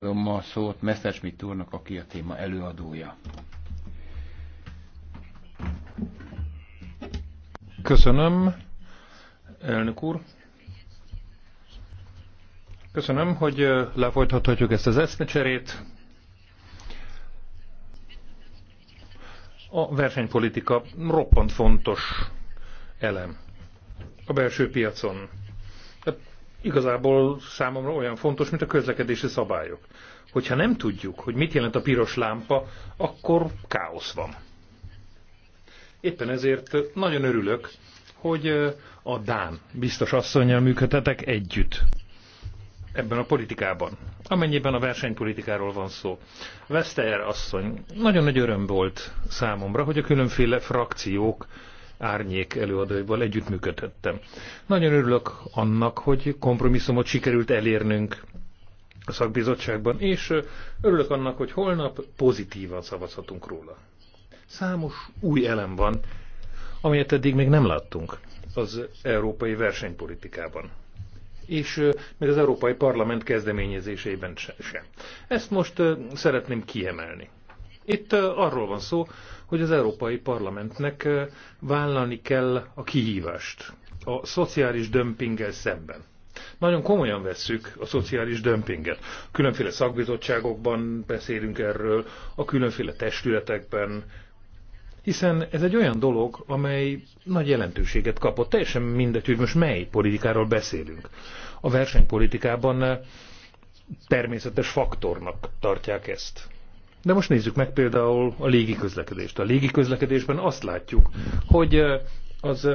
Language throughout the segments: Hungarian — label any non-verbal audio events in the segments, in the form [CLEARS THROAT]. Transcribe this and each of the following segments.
Adom a szót Messerschmitt úrnak, aki a téma előadója. Köszönöm, elnök úr. Köszönöm, hogy lefolytathatjuk ezt az eszmecserét. A versenypolitika roppant fontos elem a belső piacon igazából számomra olyan fontos, mint a közlekedési szabályok. Hogyha nem tudjuk, hogy mit jelent a piros lámpa, akkor káosz van. Éppen ezért nagyon örülök, hogy eh, a Dán biztos asszonyjal működtetek együtt ebben a politikában, amennyiben a versenypolitikáról van szó. Veszter asszony, nagyon nagy öröm volt számomra, hogy a különféle frakciók árnyék előadóival együttműködhettem. Nagyon örülök annak, hogy kompromisszumot sikerült elérnünk a szakbizottságban, és örülök annak, hogy holnap pozitívan szavazhatunk róla. Számos új elem van, amelyet eddig még nem láttunk az európai versenypolitikában és még az Európai Parlament kezdeményezéseiben sem. Ezt most szeretném kiemelni. Itt arról van szó, hogy az Európai Parlamentnek vállalni kell a kihívást a szociális dömpinggel szemben. Nagyon komolyan vesszük a szociális dömpinget. Különféle szakbizottságokban beszélünk erről, a különféle testületekben, hiszen ez egy olyan dolog, amely nagy jelentőséget kapott, teljesen mindegy, hogy most mely politikáról beszélünk. A versenypolitikában természetes faktornak tartják ezt. De most nézzük meg például a légiközlekedést. A légiközlekedésben azt látjuk, hogy az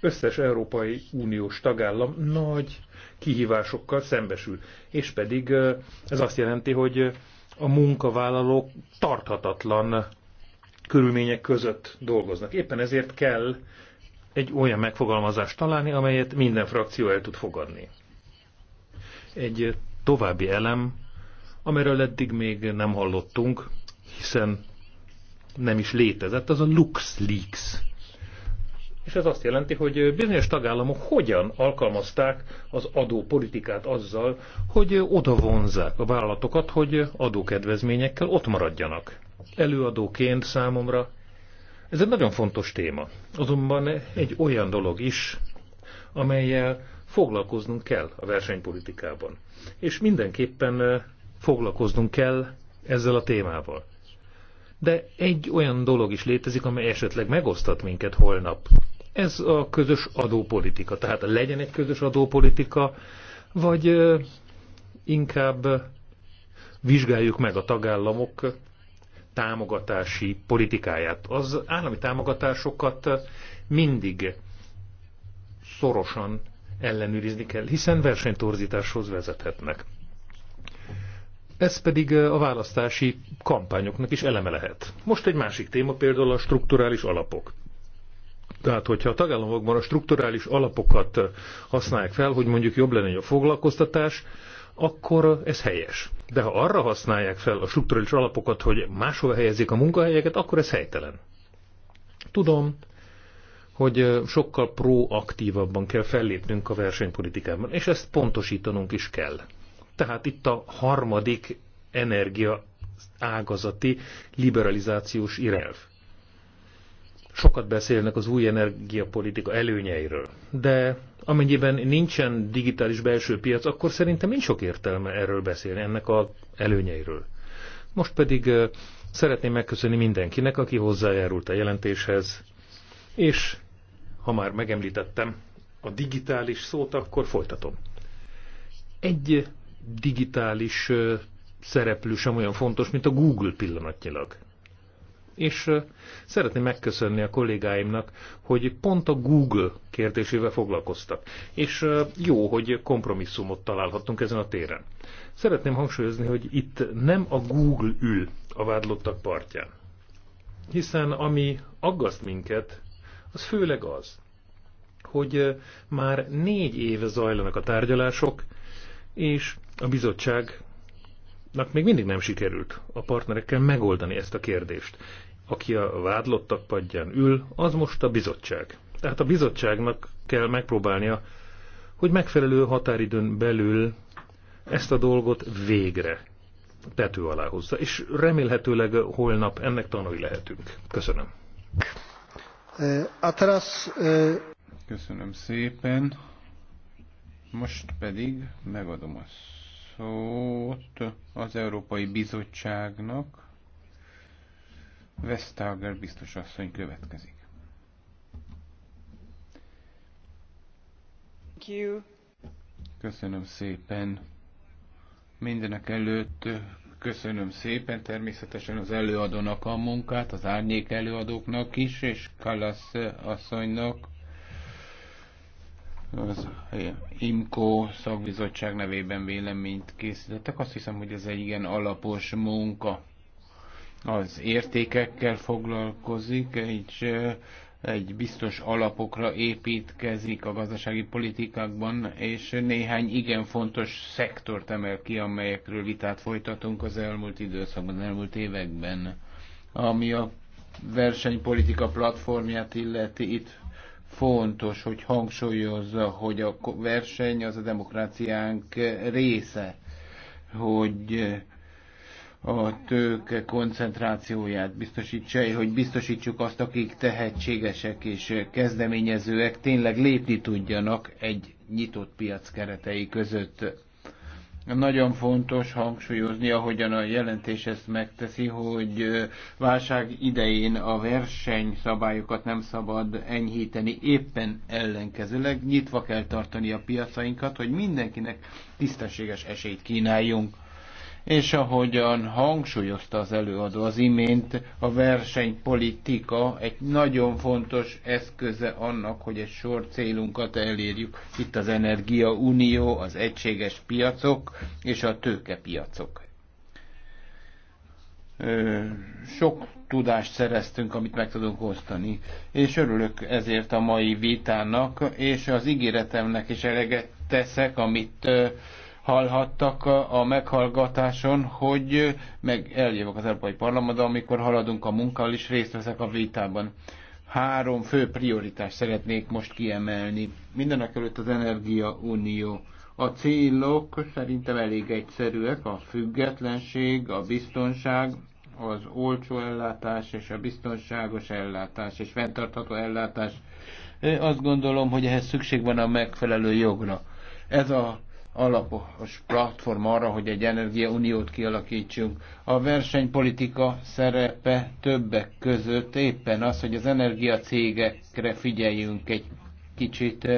összes Európai Uniós tagállam nagy kihívásokkal szembesül. És pedig ez azt jelenti, hogy a munkavállalók tarthatatlan körülmények között dolgoznak. Éppen ezért kell egy olyan megfogalmazást találni, amelyet minden frakció el tud fogadni. Egy további elem amiről eddig még nem hallottunk, hiszen nem is létezett, az a LuxLeaks. És ez azt jelenti, hogy bizonyos tagállamok hogyan alkalmazták az adópolitikát azzal, hogy odavonzák a vállalatokat, hogy adókedvezményekkel ott maradjanak. Előadóként számomra ez egy nagyon fontos téma. Azonban egy olyan dolog is, amelyel foglalkoznunk kell a versenypolitikában. És mindenképpen foglalkoznunk kell ezzel a témával. De egy olyan dolog is létezik, amely esetleg megosztat minket holnap. Ez a közös adópolitika. Tehát legyen egy közös adópolitika, vagy inkább vizsgáljuk meg a tagállamok támogatási politikáját. Az állami támogatásokat mindig szorosan ellenőrizni kell, hiszen versenytorzításhoz vezethetnek. Ez pedig a választási kampányoknak is eleme lehet. Most egy másik téma például a strukturális alapok. Tehát, hogyha a tagállamokban a strukturális alapokat használják fel, hogy mondjuk jobb lenne a foglalkoztatás, akkor ez helyes. De ha arra használják fel a strukturális alapokat, hogy máshova helyezik a munkahelyeket, akkor ez helytelen. Tudom, hogy sokkal proaktívabban kell fellépnünk a versenypolitikában, és ezt pontosítanunk is kell. Tehát itt a harmadik energia ágazati liberalizációs irelv. Sokat beszélnek az új energiapolitika előnyeiről, de amennyiben nincsen digitális belső piac, akkor szerintem nincs sok értelme erről beszélni, ennek a előnyeiről. Most pedig szeretném megköszönni mindenkinek, aki hozzájárult a jelentéshez, és ha már megemlítettem a digitális szót, akkor folytatom. Egy digitális szereplő sem olyan fontos, mint a Google pillanatnyilag. És szeretném megköszönni a kollégáimnak, hogy pont a Google kérdésével foglalkoztak. És jó, hogy kompromisszumot találhattunk ezen a téren. Szeretném hangsúlyozni, hogy itt nem a Google ül a vádlottak partján. Hiszen ami aggaszt minket, az főleg az, hogy már négy éve zajlanak a tárgyalások, és a bizottságnak még mindig nem sikerült a partnerekkel megoldani ezt a kérdést. Aki a vádlottak padján ül, az most a bizottság. Tehát a bizottságnak kell megpróbálnia, hogy megfelelő határidőn belül ezt a dolgot végre tető alá hozza, és remélhetőleg holnap ennek tanulni lehetünk. Köszönöm. Köszönöm szépen. Most pedig megadom a szót az Európai Bizottságnak. Vestager biztos asszony következik. Köszönöm szépen. Mindenek előtt köszönöm szépen természetesen az előadónak a munkát, az árnyék előadóknak is, és Kalasz asszonynak az IMCO szakbizottság nevében véleményt készítettek. Azt hiszem, hogy ez egy igen alapos munka. Az értékekkel foglalkozik, egy, egy biztos alapokra építkezik a gazdasági politikákban, és néhány igen fontos szektort emel ki, amelyekről vitát folytatunk az elmúlt időszakban, az elmúlt években. Ami a versenypolitika platformját illeti, itt fontos, hogy hangsúlyozza, hogy a verseny az a demokráciánk része, hogy a tőke koncentrációját biztosítsa, hogy biztosítsuk azt, akik tehetségesek és kezdeményezőek tényleg lépni tudjanak egy nyitott piac keretei között nagyon fontos hangsúlyozni, ahogyan a jelentés ezt megteszi, hogy válság idején a versenyszabályokat nem szabad enyhíteni, éppen ellenkezőleg nyitva kell tartani a piacainkat, hogy mindenkinek tisztességes esélyt kínáljunk és ahogyan hangsúlyozta az előadó az imént, a versenypolitika egy nagyon fontos eszköze annak, hogy egy sor célunkat elérjük. Itt az energia unió, az egységes piacok és a tőkepiacok. Sok tudást szereztünk, amit meg tudunk osztani, és örülök ezért a mai vitának, és az ígéretemnek is eleget teszek, amit hallhattak a meghallgatáson, hogy meg eljövök az Európai Parlamentbe, amikor haladunk a munkával, is részt veszek a vitában. Három fő prioritást szeretnék most kiemelni. Mindenek előtt az Energia Unió. A célok szerintem elég egyszerűek, a függetlenség, a biztonság, az olcsó ellátás és a biztonságos ellátás és fenntartható ellátás. Azt gondolom, hogy ehhez szükség van a megfelelő jogra. Ez a alapos platform arra, hogy egy energiauniót kialakítsunk. A versenypolitika szerepe többek között éppen az, hogy az energiacégekre figyeljünk egy kicsit,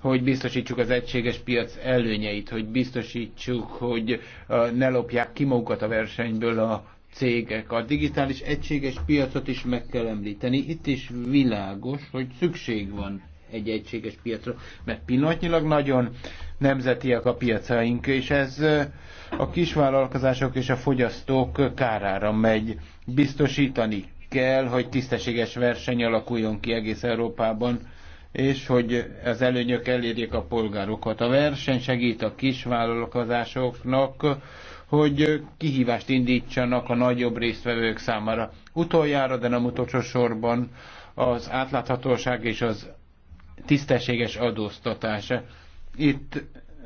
hogy biztosítsuk az egységes piac előnyeit, hogy biztosítsuk, hogy ne lopják ki magukat a versenyből a cégek. A digitális egységes piacot is meg kell említeni. Itt is világos, hogy szükség van egy egységes piacra, mert pillanatnyilag nagyon nemzetiek a piacaink, és ez a kisvállalkozások és a fogyasztók kárára megy. Biztosítani kell, hogy tisztességes verseny alakuljon ki egész Európában, és hogy az előnyök elérjék a polgárokat. A verseny segít a kisvállalkozásoknak, hogy kihívást indítsanak a nagyobb résztvevők számára. Utoljára, de nem utolsó sorban az átláthatóság és az tisztességes adóztatása. Itt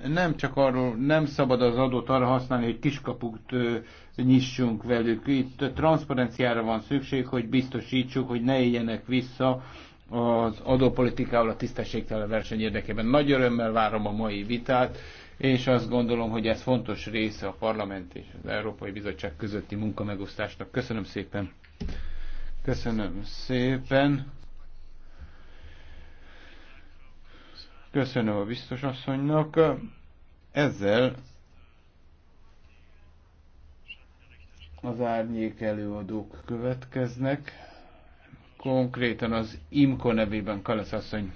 nem csak arról, nem szabad az adót arra használni, hogy kiskaput nyissunk velük. Itt transzparenciára van szükség, hogy biztosítsuk, hogy ne éljenek vissza az adópolitikával a tisztességtelen verseny érdekében. Nagy örömmel várom a mai vitát, és azt gondolom, hogy ez fontos része a parlament és az Európai Bizottság közötti munkamegosztásnak. Köszönöm szépen! Köszönöm szépen! Köszönöm a biztos asszonynak. Ezzel az árnyék előadók következnek. Konkrétan az IMKO nevében Kalesz asszony.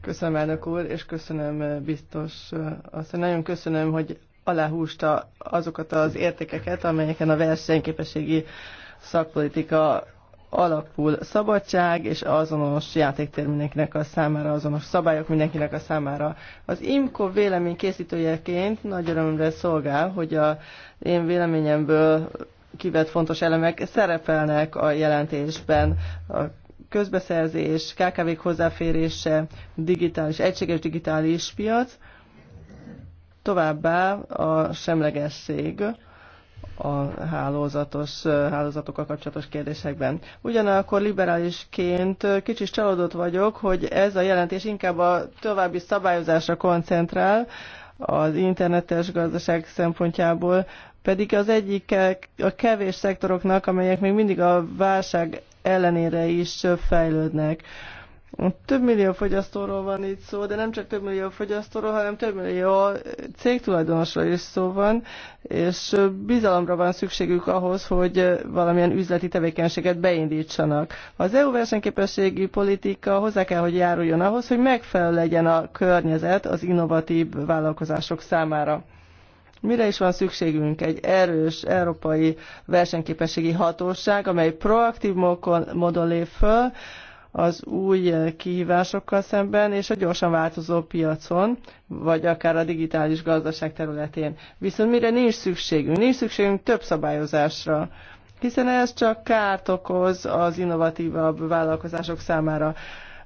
Köszönöm, elnök úr, és köszönöm, biztos asszony. Nagyon köszönöm, hogy aláhúzta azokat az értékeket, amelyeken a versenyképességi szakpolitika alapul szabadság és azonos játéktér mindenkinek a számára, azonos szabályok mindenkinek a számára. Az IMCO vélemény készítőjeként nagy örömre szolgál, hogy a én véleményemből kivett fontos elemek szerepelnek a jelentésben. A közbeszerzés, KKV-k hozzáférése, digitális, egységes digitális piac, továbbá a semlegesség a hálózatos, hálózatokkal kapcsolatos kérdésekben. Ugyanakkor liberálisként kicsit csalódott vagyok, hogy ez a jelentés inkább a további szabályozásra koncentrál, az internetes gazdaság szempontjából, pedig az egyik a kevés szektoroknak, amelyek még mindig a válság ellenére is fejlődnek. Több millió fogyasztóról van itt szó, de nem csak több millió fogyasztóról, hanem több millió cégtulajdonosról is szó van, és bizalomra van szükségük ahhoz, hogy valamilyen üzleti tevékenységet beindítsanak. Az EU versenyképességi politika hozzá kell, hogy járuljon ahhoz, hogy megfelelő legyen a környezet az innovatív vállalkozások számára. Mire is van szükségünk? Egy erős európai versenyképességi hatóság, amely proaktív módon lép föl, az új eh, kihívásokkal szemben és a gyorsan változó piacon, vagy akár a digitális gazdaság területén. Viszont mire nincs szükségünk? Nincs szükségünk több szabályozásra, hiszen ez csak kárt okoz az innovatívabb vállalkozások számára.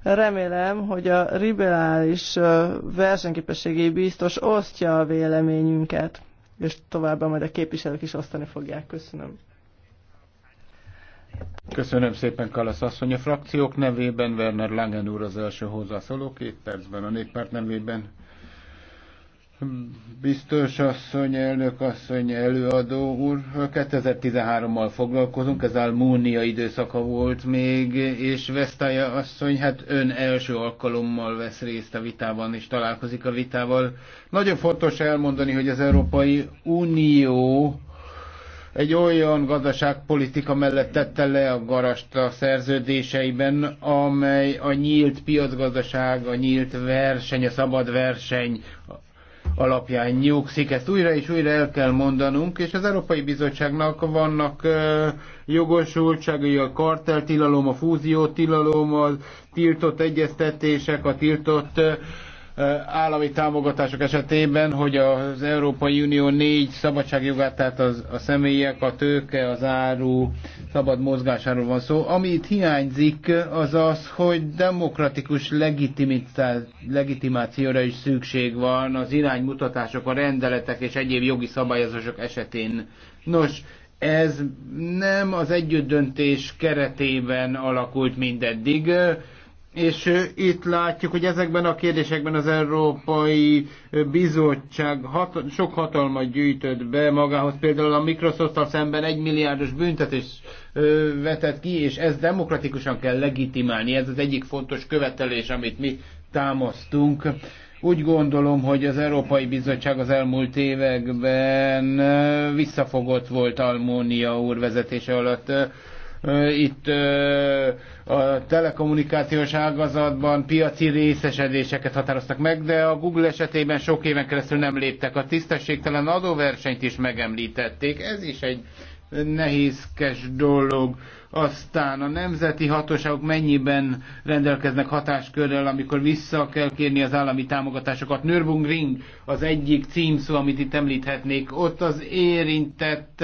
Remélem, hogy a liberális eh, versenyképességi biztos osztja a véleményünket, és továbbá majd a képviselők is osztani fogják. Köszönöm. Köszönöm szépen, Kalasz asszony. A frakciók nevében Werner Langen úr az első hozzászóló, két percben a néppárt nevében. Biztos asszony, elnök asszony, előadó úr, 2013-mal foglalkozunk, ez Almúnia időszaka volt még, és Vesztája asszony, hát ön első alkalommal vesz részt a vitában, és találkozik a vitával. Nagyon fontos elmondani, hogy az Európai Unió egy olyan gazdaságpolitika mellett tette le a garast a szerződéseiben, amely a nyílt piacgazdaság, a nyílt verseny, a szabad verseny alapján nyugszik. Ezt újra és újra el kell mondanunk, és az Európai Bizottságnak vannak jogosultságai, a karteltilalom, a fúziótilalom, a tiltott egyeztetések, a tiltott ö, állami támogatások esetében, hogy az Európai Unió négy szabadságjogát, tehát az, a személyek, a tőke, az áru szabad mozgásáról van szó. Ami itt hiányzik, az az, hogy demokratikus legitimációra is szükség van az iránymutatások, a rendeletek és egyéb jogi szabályozások esetén. Nos, ez nem az együttdöntés keretében alakult mindeddig. És itt látjuk, hogy ezekben a kérdésekben az Európai Bizottság hat, sok hatalmat gyűjtött be magához, például a microsoft szemben egy milliárdos büntetést vetett ki, és ezt demokratikusan kell legitimálni. Ez az egyik fontos követelés, amit mi támasztunk. Úgy gondolom, hogy az Európai Bizottság az elmúlt években visszafogott volt Almónia úr vezetése alatt itt a telekommunikációs ágazatban piaci részesedéseket határoztak meg, de a Google esetében sok éven keresztül nem léptek. A tisztességtelen adóversenyt is megemlítették. Ez is egy nehézkes dolog. Aztán a nemzeti hatóságok mennyiben rendelkeznek hatáskörrel, amikor vissza kell kérni az állami támogatásokat. Nürburgring az egyik címszó, amit itt említhetnék. Ott az érintett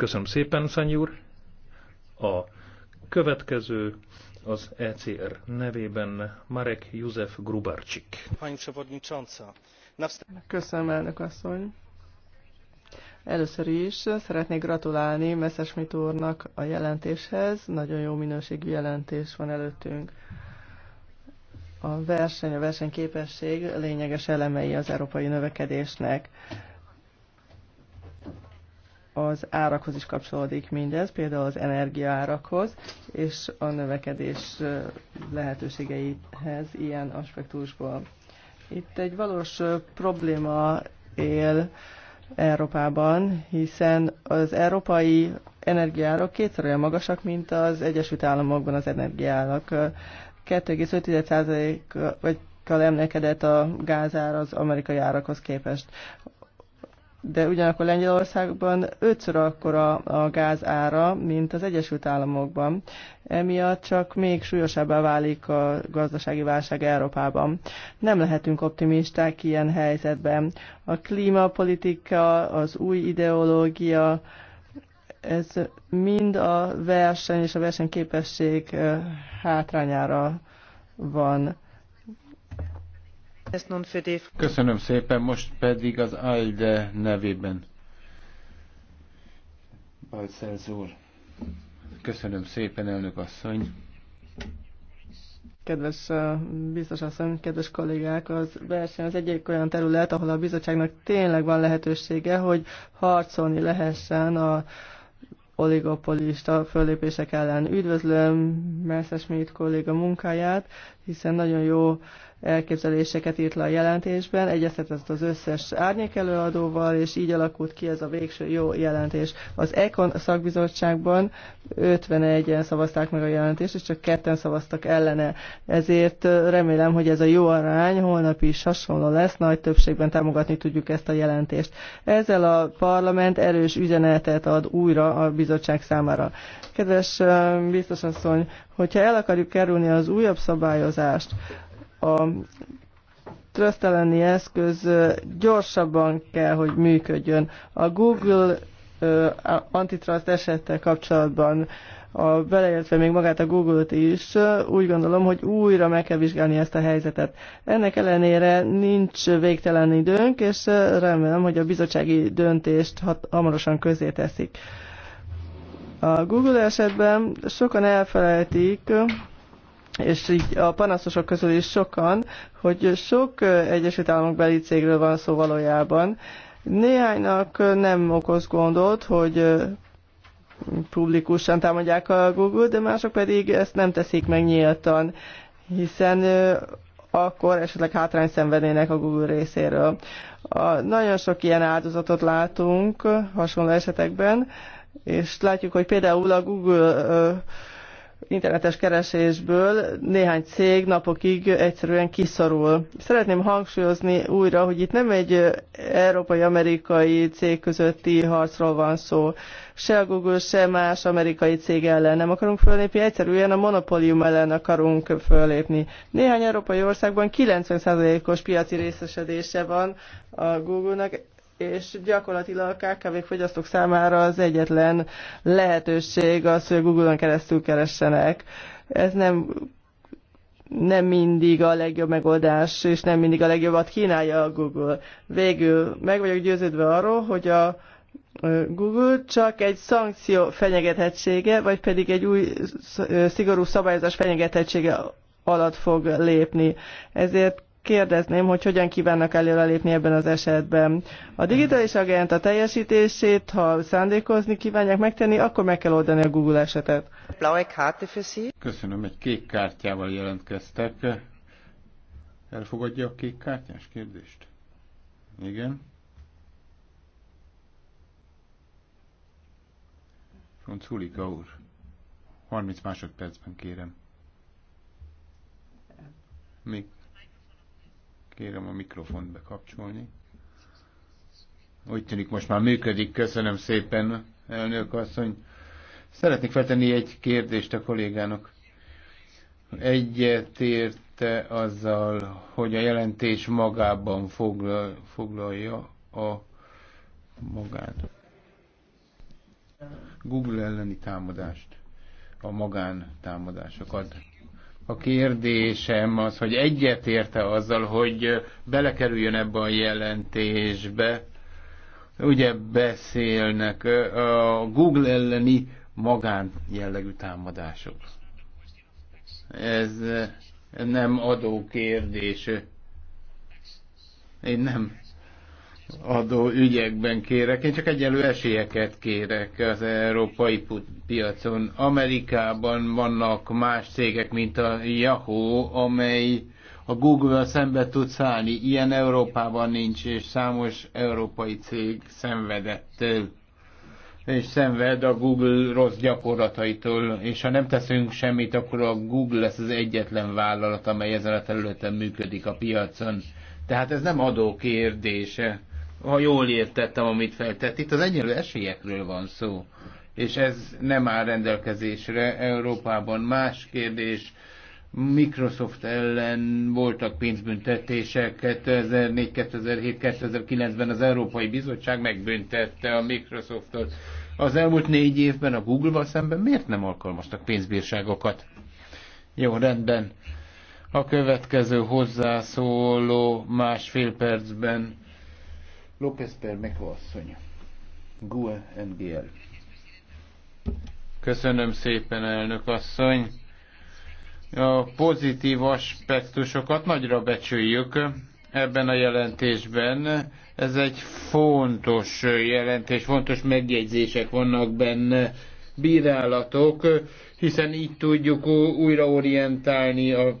Köszönöm szépen, Szanyi úr. A következő az ECR nevében Marek József Grubarczyk. Köszönöm, elnök asszony. Először is szeretnék gratulálni Messerschmitt úrnak a jelentéshez. Nagyon jó minőségű jelentés van előttünk. A verseny, a versenyképesség lényeges elemei az európai növekedésnek az árakhoz is kapcsolódik mindez, például az energiaárakhoz és a növekedés lehetőségeihez ilyen aspektusból. Itt egy valós probléma él Európában, hiszen az európai energiárak kétszer olyan magasak, mint az Egyesült Államokban az energiárak. 2,5% vagy emlékedett a gázár az amerikai árakhoz képest de ugyanakkor Lengyelországban ötször akkora a gáz ára, mint az Egyesült Államokban. Emiatt csak még súlyosabbá válik a gazdasági válság Európában. Nem lehetünk optimisták ilyen helyzetben. A klímapolitika, az új ideológia, ez mind a verseny és a versenyképesség hátrányára van Köszönöm szépen, most pedig az ALDE nevében. Balcelz úr. Köszönöm szépen, elnök asszony. Kedves biztos asszony, kedves kollégák, az verseny az egyik olyan terület, ahol a bizottságnak tényleg van lehetősége, hogy harcolni lehessen a oligopolista fölépések ellen. Üdvözlöm Messerschmidt kolléga munkáját, hiszen nagyon jó elképzeléseket írt le a jelentésben, egyeztetett az összes árnyék előadóval, és így alakult ki ez a végső jó jelentés. Az ECON szakbizottságban 51-en szavazták meg a jelentést, és csak ketten szavaztak ellene. Ezért remélem, hogy ez a jó arány holnap is hasonló lesz, nagy többségben támogatni tudjuk ezt a jelentést. Ezzel a parlament erős üzenetet ad újra a bizottság számára. Kedves biztos hogyha el akarjuk kerülni az újabb szabályozást, a tröszteleni eszköz gyorsabban kell, hogy működjön. A Google antitrust esettel kapcsolatban, a, beleértve még magát a Google-t is, úgy gondolom, hogy újra meg kell vizsgálni ezt a helyzetet. Ennek ellenére nincs végtelen időnk, és remélem, hogy a bizottsági döntést hat, hamarosan közé teszik. A Google esetben sokan elfelejtik, és így a panaszosok közül is sokan, hogy sok Egyesült Államok beli cégről van szó valójában. Néhánynak nem okoz gondot, hogy publikusan támadják a Google, de mások pedig ezt nem teszik meg nyíltan, hiszen akkor esetleg hátrány szenvednének a Google részéről. A, nagyon sok ilyen áldozatot látunk hasonló esetekben, és látjuk, hogy például a Google internetes keresésből néhány cég napokig egyszerűen kiszorul. Szeretném hangsúlyozni újra, hogy itt nem egy európai-amerikai cég közötti harcról van szó. Se a Google, se más amerikai cég ellen nem akarunk fölépni, egyszerűen a monopólium ellen akarunk fölépni. Néhány európai országban 90%-os piaci részesedése van a Google-nak, és gyakorlatilag a KKV fogyasztók számára az egyetlen lehetőség az, hogy Google-on keresztül keressenek. Ez nem nem mindig a legjobb megoldás, és nem mindig a legjobbat kínálja a Google. Végül meg vagyok győződve arról, hogy a Google csak egy szankció fenyegethetsége, vagy pedig egy új szigorú szabályozás fenyegethetsége alatt fog lépni. Ezért kérdezném, hogy hogyan kívánnak előrelépni ebben az esetben. A digitális a teljesítését, ha szándékozni kívánják megtenni, akkor meg kell oldani a Google esetet. Köszönöm, egy kék kártyával jelentkeztek. Elfogadja a kék kártyás kérdést? Igen. Franculika úr, 30 másodpercben kérem. Még Kérem a mikrofont bekapcsolni. Úgy tűnik most már működik. Köszönöm szépen, elnök asszony. Szeretnék feltenni egy kérdést a kollégának. érte azzal, hogy a jelentés magában foglal, foglalja a magát. Google elleni támadást, a magán támadásokat. A kérdésem az, hogy egyetérte azzal, hogy belekerüljön ebbe a jelentésbe. Ugye beszélnek a Google elleni magán jellegű támadások. Ez nem adó kérdés. Én nem adó ügyekben kérek. Én csak egyelő esélyeket kérek az európai piacon. Amerikában vannak más cégek, mint a Yahoo, amely a Google-vel szembe tud szállni. Ilyen Európában nincs, és számos európai cég szenvedett és szenved a Google rossz gyakorlataitól, és ha nem teszünk semmit, akkor a Google lesz az egyetlen vállalat, amely ezen a területen működik a piacon. Tehát ez nem adó kérdése ha jól értettem, amit feltett. Itt az egyenlő esélyekről van szó, és ez nem áll rendelkezésre Európában. Más kérdés, Microsoft ellen voltak pénzbüntetések 2004, 2007, 2009-ben az Európai Bizottság megbüntette a Microsoftot. Az elmúlt négy évben a Google-val szemben miért nem alkalmaztak pénzbírságokat? Jó, rendben. A következő hozzászóló másfél percben López Permeko asszony, GUE NGL. Köszönöm szépen, elnök asszony. A pozitív aspektusokat nagyra becsüljük ebben a jelentésben. Ez egy fontos jelentés, fontos megjegyzések vannak benne, bírálatok, hiszen így tudjuk újraorientálni a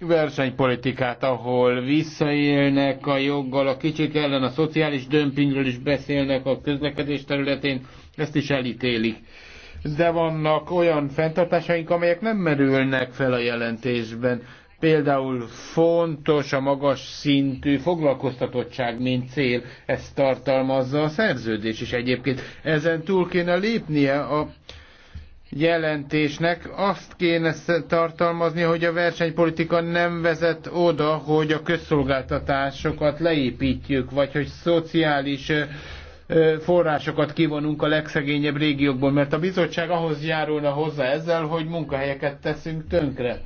versenypolitikát, ahol visszaélnek a joggal, a kicsik ellen, a szociális dömpingről is beszélnek a közlekedés területén, ezt is elítélik. De vannak olyan fenntartásaink, amelyek nem merülnek fel a jelentésben. Például fontos a magas szintű foglalkoztatottság, mint cél, ezt tartalmazza a szerződés is egyébként. Ezen túl kéne lépnie a jelentésnek azt kéne tartalmazni, hogy a versenypolitika nem vezet oda, hogy a közszolgáltatásokat leépítjük, vagy hogy szociális forrásokat kivonunk a legszegényebb régiókból, mert a bizottság ahhoz járulna hozzá ezzel, hogy munkahelyeket teszünk tönkre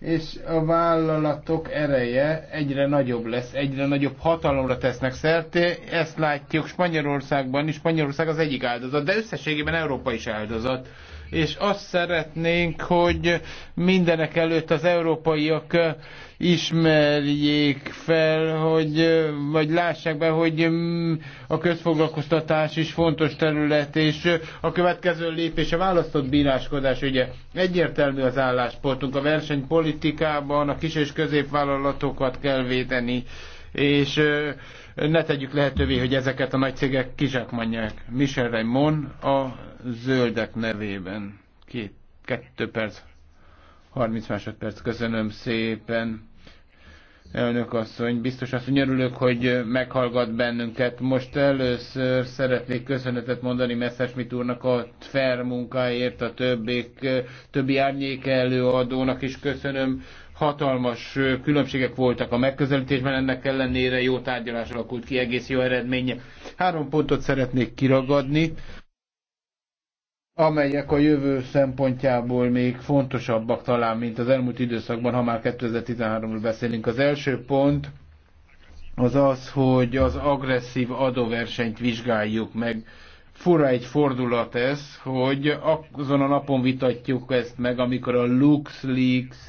és a vállalatok ereje egyre nagyobb lesz, egyre nagyobb hatalomra tesznek szert. Ezt látjuk Spanyolországban is, Spanyolország az egyik áldozat, de összességében Európa is áldozat. És azt szeretnénk, hogy mindenek előtt az európaiak ismerjék fel, hogy, vagy lássák be, hogy a közfoglalkoztatás is fontos terület, és a következő lépés a választott bíráskodás. Ugye egyértelmű az álláspontunk a versenypolitikában, a kis és középvállalatokat kell védeni, és ne tegyük lehetővé, hogy ezeket a nagy cégek kizsákmanják. Michel Raymond a zöldek nevében. Két, kettő perc. 30 másodperc, köszönöm szépen. Elnök asszony, biztos hogy örülök, hogy meghallgat bennünket. Most először szeretnék köszönetet mondani Messerschmitt úrnak a fair munkáért, a többék, többi árnyék előadónak is köszönöm. Hatalmas különbségek voltak a megközelítésben, ennek ellenére jó tárgyalás alakult ki, egész jó eredménye. Három pontot szeretnék kiragadni amelyek a jövő szempontjából még fontosabbak talán, mint az elmúlt időszakban, ha már 2013-ról beszélünk. Az első pont az az, hogy az agresszív adóversenyt vizsgáljuk meg. Fura egy fordulat ez, hogy azon a napon vitatjuk ezt meg, amikor a LuxLeaks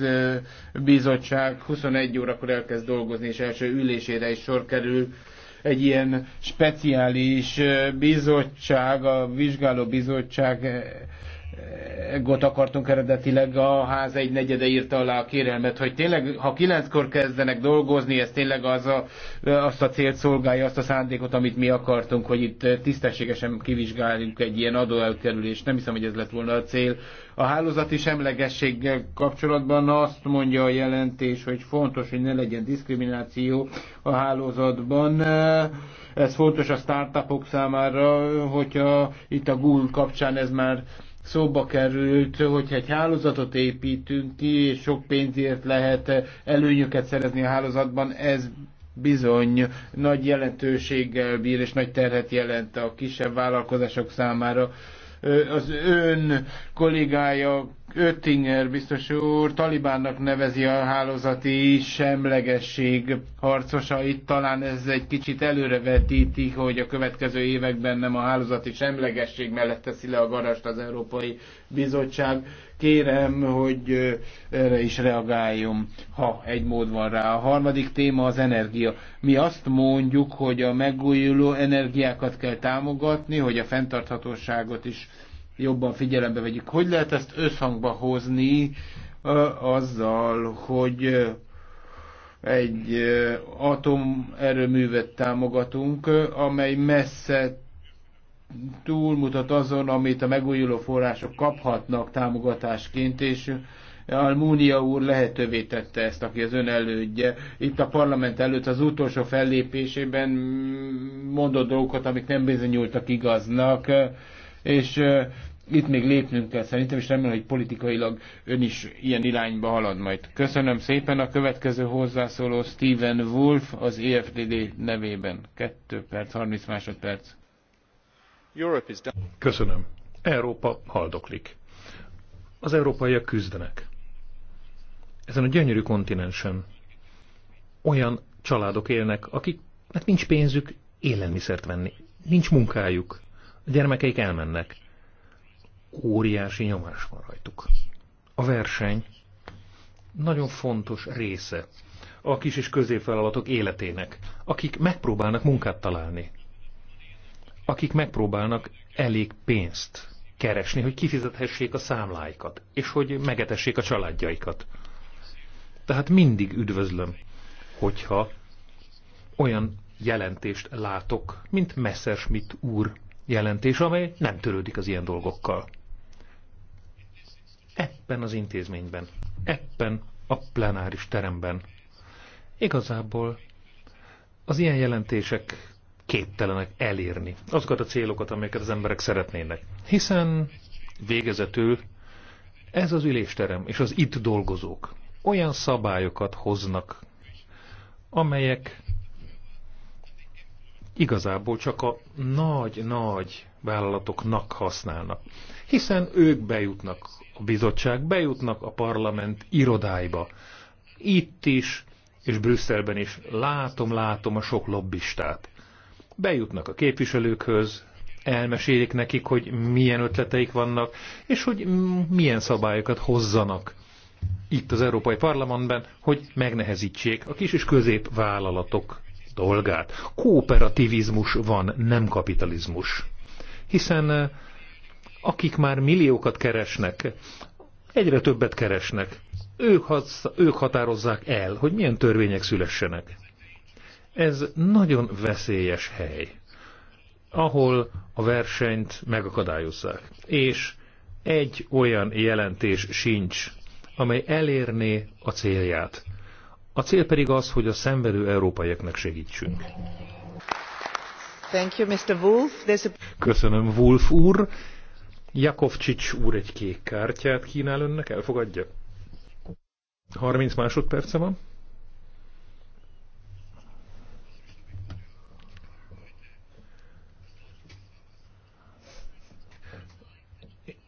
bizottság 21 órakor elkezd dolgozni, és első ülésére is sor kerül egy ilyen speciális bizottság, a vizsgáló bizottság gót akartunk eredetileg, a ház egy negyede írta alá a kérelmet, hogy tényleg, ha kilenckor kezdenek dolgozni, ez tényleg az a, azt a célt szolgálja, azt a szándékot, amit mi akartunk, hogy itt tisztességesen kivizsgáljuk egy ilyen adóelkerülést. Nem hiszem, hogy ez lett volna a cél. A hálózati semlegességgel kapcsolatban azt mondja a jelentés, hogy fontos, hogy ne legyen diszkrimináció a hálózatban. Ez fontos a startupok számára, hogyha itt a Google kapcsán ez már szóba került, hogyha egy hálózatot építünk ki, és sok pénzért lehet előnyöket szerezni a hálózatban, ez bizony nagy jelentőséggel bír, és nagy terhet jelent a kisebb vállalkozások számára. Az ön kollégája Öttinger biztos úr talibánnak nevezi a hálózati semlegesség harcosait. Talán ez egy kicsit előrevetíti, hogy a következő években nem a hálózati semlegesség mellett teszi le a garast az Európai Bizottság. Kérem, hogy erre is reagáljon, ha egy mód van rá. A harmadik téma az energia. Mi azt mondjuk, hogy a megújuló energiákat kell támogatni, hogy a fenntarthatóságot is jobban figyelembe vegyük. Hogy lehet ezt összhangba hozni azzal, hogy egy atomerőművet támogatunk, amely messze túlmutat azon, amit a megújuló források kaphatnak támogatásként, és Almúnia úr lehetővé tette ezt, aki az ön elődje. Itt a parlament előtt az utolsó fellépésében mondott dolgokat, amik nem bizonyultak igaznak, és itt még lépnünk kell szerintem, és remélem, hogy politikailag ön is ilyen irányba halad majd. Köszönöm szépen a következő hozzászóló Steven Wolf az EFDD nevében. 2 perc, 30 másodperc. Köszönöm. Európa haldoklik. Az európaiak küzdenek. Ezen a gyönyörű kontinensen olyan családok élnek, akiknek nincs pénzük élelmiszert venni, nincs munkájuk, a gyermekeik elmennek óriási nyomás van rajtuk. A verseny nagyon fontos része a kis és középvállalatok életének, akik megpróbálnak munkát találni, akik megpróbálnak elég pénzt keresni, hogy kifizethessék a számláikat, és hogy megetessék a családjaikat. Tehát mindig üdvözlöm, hogyha olyan jelentést látok, mint Messerschmitt úr jelentés, amely nem törődik az ilyen dolgokkal. Ebben az intézményben, ebben a plenáris teremben. Igazából az ilyen jelentések képtelenek elérni azokat a célokat, amelyeket az emberek szeretnének. Hiszen végezetül ez az ülésterem és az itt dolgozók olyan szabályokat hoznak, amelyek igazából csak a nagy-nagy vállalatoknak használnak. Hiszen ők bejutnak a bizottság, bejutnak a parlament irodáiba. Itt is, és Brüsszelben is látom, látom a sok lobbistát. Bejutnak a képviselőkhöz, elmesélik nekik, hogy milyen ötleteik vannak, és hogy milyen szabályokat hozzanak itt az Európai Parlamentben, hogy megnehezítsék a kis és középvállalatok dolgát. Kooperativizmus van, nem kapitalizmus. Hiszen eh, akik már milliókat keresnek, egyre többet keresnek. Ők, ők határozzák el, hogy milyen törvények szülessenek. Ez nagyon veszélyes hely, ahol a versenyt megakadályozzák. És egy olyan jelentés sincs, amely elérné a célját. A cél pedig az, hogy a szenvedő európaiaknak segítsünk. Thank you, Mr. Wolf. a... Köszönöm, Wolf úr. Jakovcsics úr egy kék kártyát kínál önnek, elfogadja? 30 másodperce van.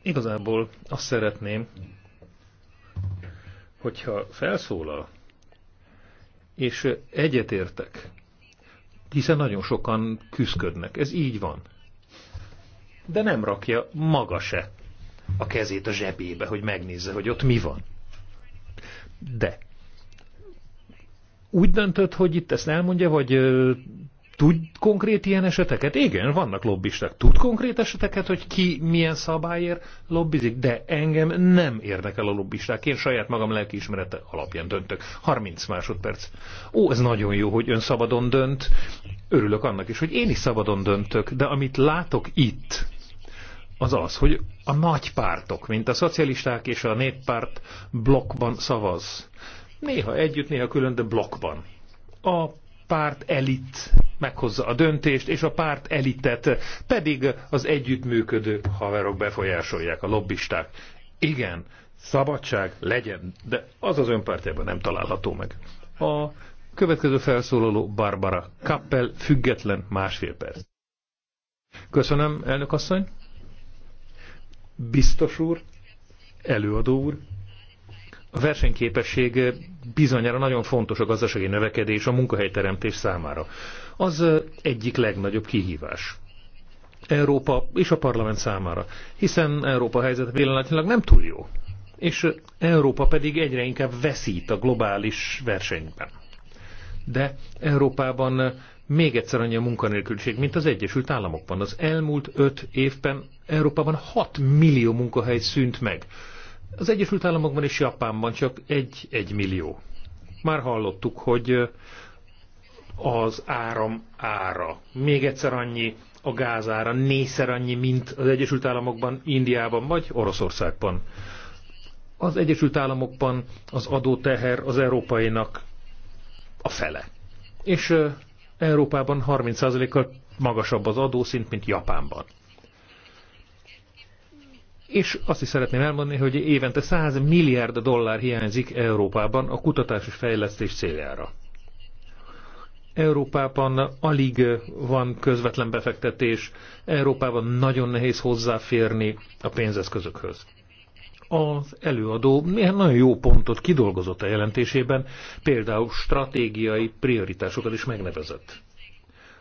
Igazából azt szeretném, hogyha felszólal és egyetértek, hiszen nagyon sokan küzdködnek, ez így van. De nem rakja maga se a kezét a zsebébe, hogy megnézze, hogy ott mi van. De úgy döntött, hogy itt ezt elmondja, hogy Tud konkrét ilyen eseteket? Igen, vannak lobbisták. Tud konkrét eseteket, hogy ki milyen szabályért lobbizik, de engem nem érdekel a lobbisták. Én saját magam lelkiismerete alapján döntök. 30 másodperc. Ó, ez nagyon jó, hogy ön szabadon dönt. Örülök annak is, hogy én is szabadon döntök, de amit látok itt, az az, hogy a nagy pártok, mint a szocialisták és a néppárt blokkban szavaz. Néha együtt, néha külön, de blokkban. A párt elit meghozza a döntést, és a párt elitet pedig az együttműködő haverok befolyásolják, a lobbisták. Igen, szabadság legyen, de az az önpártjában nem található meg. A következő felszólaló Barbara Kappel, független másfél perc. Köszönöm, elnök asszony. Biztos úr, előadó úr, a versenyképesség bizonyára nagyon fontos a gazdasági növekedés a munkahelyteremtés számára. Az egyik legnagyobb kihívás. Európa és a parlament számára, hiszen Európa helyzet pillanatnyilag nem túl jó, és Európa pedig egyre inkább veszít a globális versenyben. De Európában még egyszer annyi a munkanélküliség, mint az Egyesült Államokban. Az elmúlt öt évben Európában 6 millió munkahely szűnt meg. Az Egyesült Államokban és Japánban csak egy, egy millió. Már hallottuk, hogy az áram ára még egyszer annyi, a gázára négyszer annyi, mint az Egyesült Államokban, Indiában vagy Oroszországban. Az Egyesült Államokban az adóteher az európainak a fele. És Európában 30%-kal magasabb az adószint, mint Japánban. És azt is szeretném elmondani, hogy évente 100 milliárd dollár hiányzik Európában a kutatás és fejlesztés céljára. Európában alig van közvetlen befektetés, Európában nagyon nehéz hozzáférni a pénzeszközökhöz. Az előadó néhány nagyon jó pontot kidolgozott a jelentésében, például stratégiai prioritásokat is megnevezett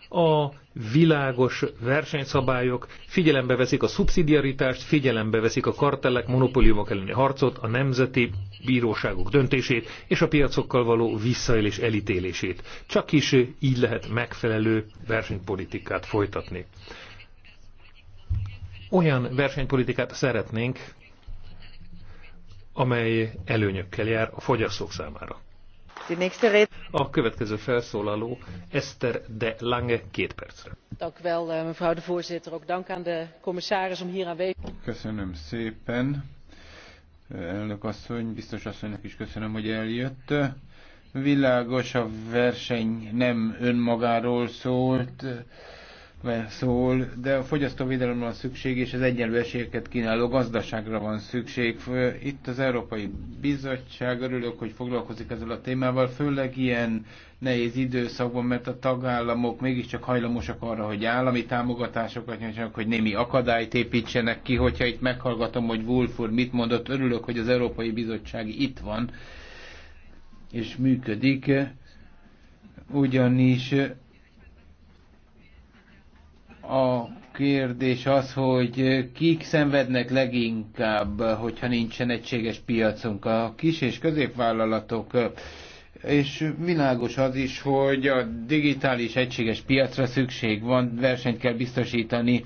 a világos versenyszabályok figyelembe veszik a szubszidiaritást, figyelembe veszik a kartellek, monopóliumok elleni harcot, a nemzeti bíróságok döntését és a piacokkal való visszaélés elítélését. Csak is így lehet megfelelő versenypolitikát folytatni. Olyan versenypolitikát szeretnénk, amely előnyökkel jár a fogyasztók számára. A következő felszólaló Esther de Lange két percre. Köszönöm szépen. Eh, elnök asszony, biztos asszonynak is köszönöm, hogy eljött. Világos, a verseny nem önmagáról szólt szól, de a fogyasztóvédelemre van szükség, és az egyenlő esélyeket kínáló gazdaságra van szükség. Itt az Európai Bizottság, örülök, hogy foglalkozik ezzel a témával, főleg ilyen nehéz időszakban, mert a tagállamok mégiscsak hajlamosak arra, hogy állami támogatásokat nyújtsanak, hogy némi akadályt építsenek ki. Hogyha itt meghallgatom, hogy Wolf mit mondott, örülök, hogy az Európai Bizottság itt van, és működik, ugyanis a kérdés az, hogy kik szenvednek leginkább, hogyha nincsen egységes piacunk, a kis és középvállalatok, és világos az is, hogy a digitális egységes piacra szükség van, versenyt kell biztosítani,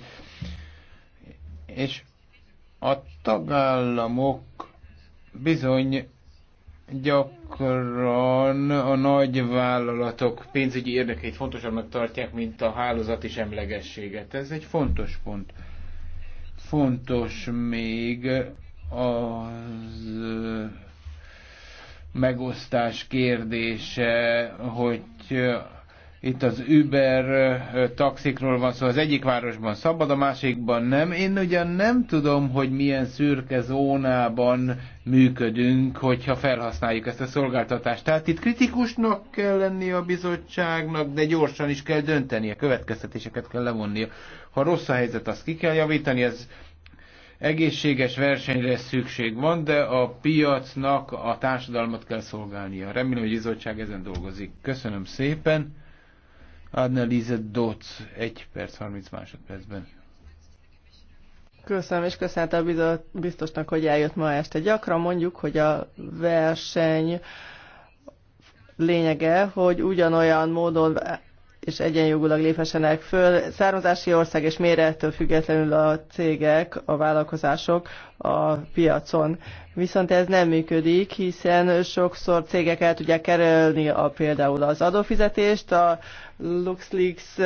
és a tagállamok bizony gyakran a nagy vállalatok pénzügyi érdekeit fontosabbnak tartják, mint a hálózati semlegességet. Ez egy fontos pont. Fontos még az megosztás kérdése, hogy itt az Uber taxikról van szó, az egyik városban szabad, a másikban nem. Én ugyan nem tudom, hogy milyen szürke zónában működünk, hogyha felhasználjuk ezt a szolgáltatást. Tehát itt kritikusnak kell lenni a bizottságnak, de gyorsan is kell döntenie, következtetéseket kell levonnia. Ha rossz a helyzet, azt ki kell javítani, ez egészséges versenyre szükség van, de a piacnak a társadalmat kell szolgálnia. Remélem, hogy a bizottság ezen dolgozik. Köszönöm szépen. Annelise Dotz, 1 perc 30 másodpercben. Köszönöm, és köszönhet a biztosnak, hogy eljött ma este. Gyakran mondjuk, hogy a verseny lényege, hogy ugyanolyan módon és egyenjogulag léphessenek föl. Származási ország és mérettől függetlenül a cégek, a vállalkozások a piacon. Viszont ez nem működik, hiszen sokszor cégek el tudják kerülni a, például az adófizetést. A LuxLeaks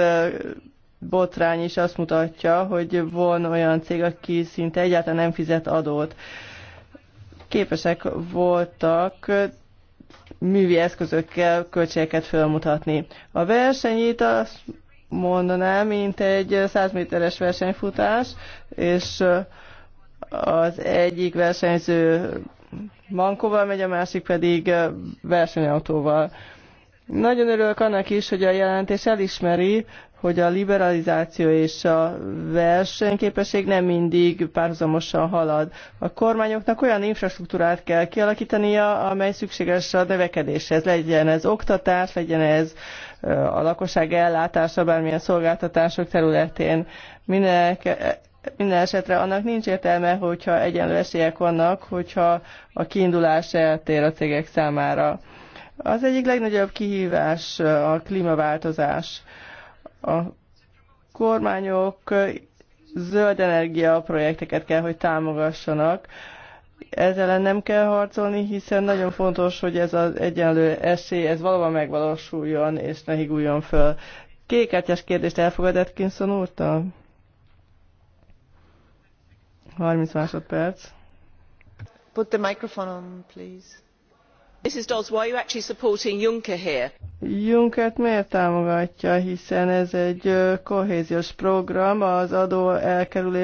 botrány is azt mutatja, hogy van olyan cég, aki szinte egyáltalán nem fizet adót. Képesek voltak művi eszközökkel költségeket felmutatni. A versenyit azt mondanám, mint egy 100 méteres versenyfutás, és az egyik versenyző mankóval megy, a másik pedig versenyautóval. Nagyon örülök annak is, hogy a jelentés elismeri, hogy a liberalizáció és a versenyképesség nem mindig párhuzamosan halad. A kormányoknak olyan infrastruktúrát kell kialakítania, amely szükséges a növekedéshez. Legyen ez oktatás, legyen ez a lakosság ellátása bármilyen szolgáltatások területén. Mindenek, e, minden esetre annak nincs értelme, hogyha egyenlő esélyek vannak, hogyha a kiindulás eltér a cégek számára. Az egyik legnagyobb kihívás a klímaváltozás a kormányok zöld energia projekteket kell, hogy támogassanak. Ezzel ellen nem kell harcolni, hiszen nagyon fontos, hogy ez az egyenlő esély, ez valóban megvalósuljon, és ne higuljon föl. Kékártyás kérdést elfogad Atkinson úrta? 30 másodperc. Put the microphone on, please junckert miért támogatja, hiszen ez egy kohéziós program, az adó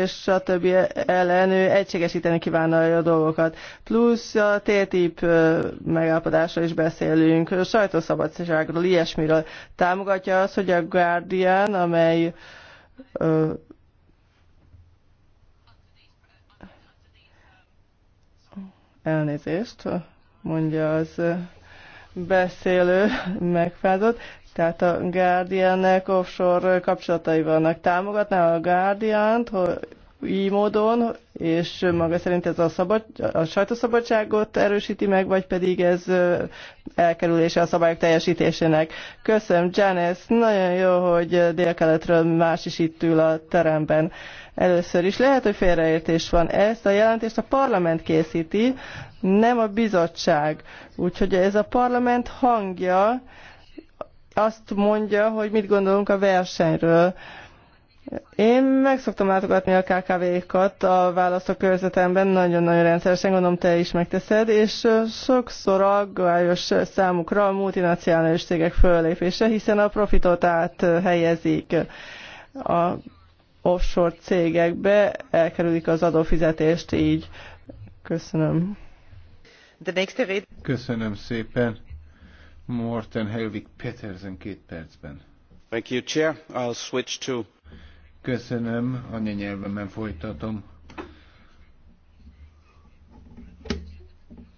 stb. ellen ő egységesíteni kívánna a dolgokat. Plusz a TTIP megállapodásra is beszélünk, a sajtószabadságról, ilyesmiről. Támogatja azt, hogy a Guardian, amely ö, elnézést, mondja az beszélő, [LAUGHS] megfázott. Tehát a Guardiannek offshore kapcsolatai vannak. Támogatná a guardian hogy így módon, és maga szerint ez a, szabad, a sajtószabadságot erősíti meg, vagy pedig ez elkerülése a szabályok teljesítésének. Köszönöm, Janice, nagyon jó, hogy délkeletről más is itt ül a teremben. Először is lehet, hogy félreértés van. Ezt a jelentést a parlament készíti, nem a bizottság. Úgyhogy ez a parlament hangja azt mondja, hogy mit gondolunk a versenyről. Én meg szoktam látogatni a KKV-kat a választókörzetemben, nagyon-nagyon rendszeresen, gondolom te is megteszed, és sokszor aggályos számukra a multinacionális cégek föllépése, hiszen a profitot áthelyezik. A offshore cégekbe, elkerülik az adófizetést így. Köszönöm. Köszönöm szépen. Morten Helvig Petersen két percben. Thank you, Chair. I'll switch to... Köszönöm, anyanyelvemen folytatom.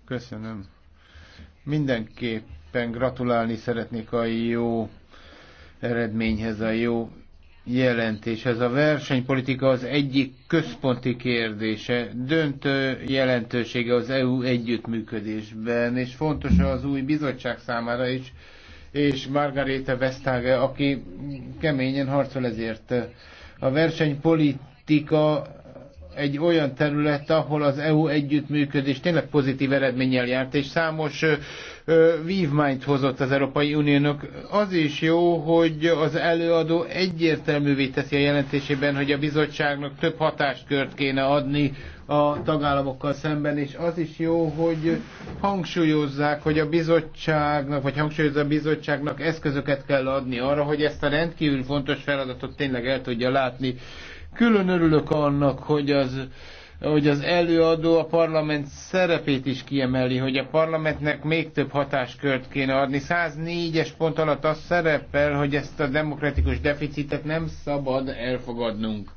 Köszönöm. Mindenképpen gratulálni szeretnék a jó eredményhez, a jó jelentés. Ez a versenypolitika az egyik központi kérdése, döntő jelentősége az EU együttműködésben, és fontos az új bizottság számára is, és Margarete Vestager, aki keményen harcol ezért. A versenypolitika egy olyan terület, ahol az EU együttműködés tényleg pozitív eredménnyel járt, és számos vívmányt hozott az Európai Uniónak. Az is jó, hogy az előadó egyértelművé teszi a jelentésében, hogy a bizottságnak több hatáskört kéne adni a tagállamokkal szemben, és az is jó, hogy hangsúlyozzák, hogy a bizottságnak, vagy hangsúlyozza a bizottságnak eszközöket kell adni arra, hogy ezt a rendkívül fontos feladatot tényleg el tudja látni. Külön örülök annak, hogy az hogy az előadó a parlament szerepét is kiemeli, hogy a parlamentnek még több hatáskört kéne adni. 104-es pont alatt az szerepel, hogy ezt a demokratikus deficitet nem szabad elfogadnunk.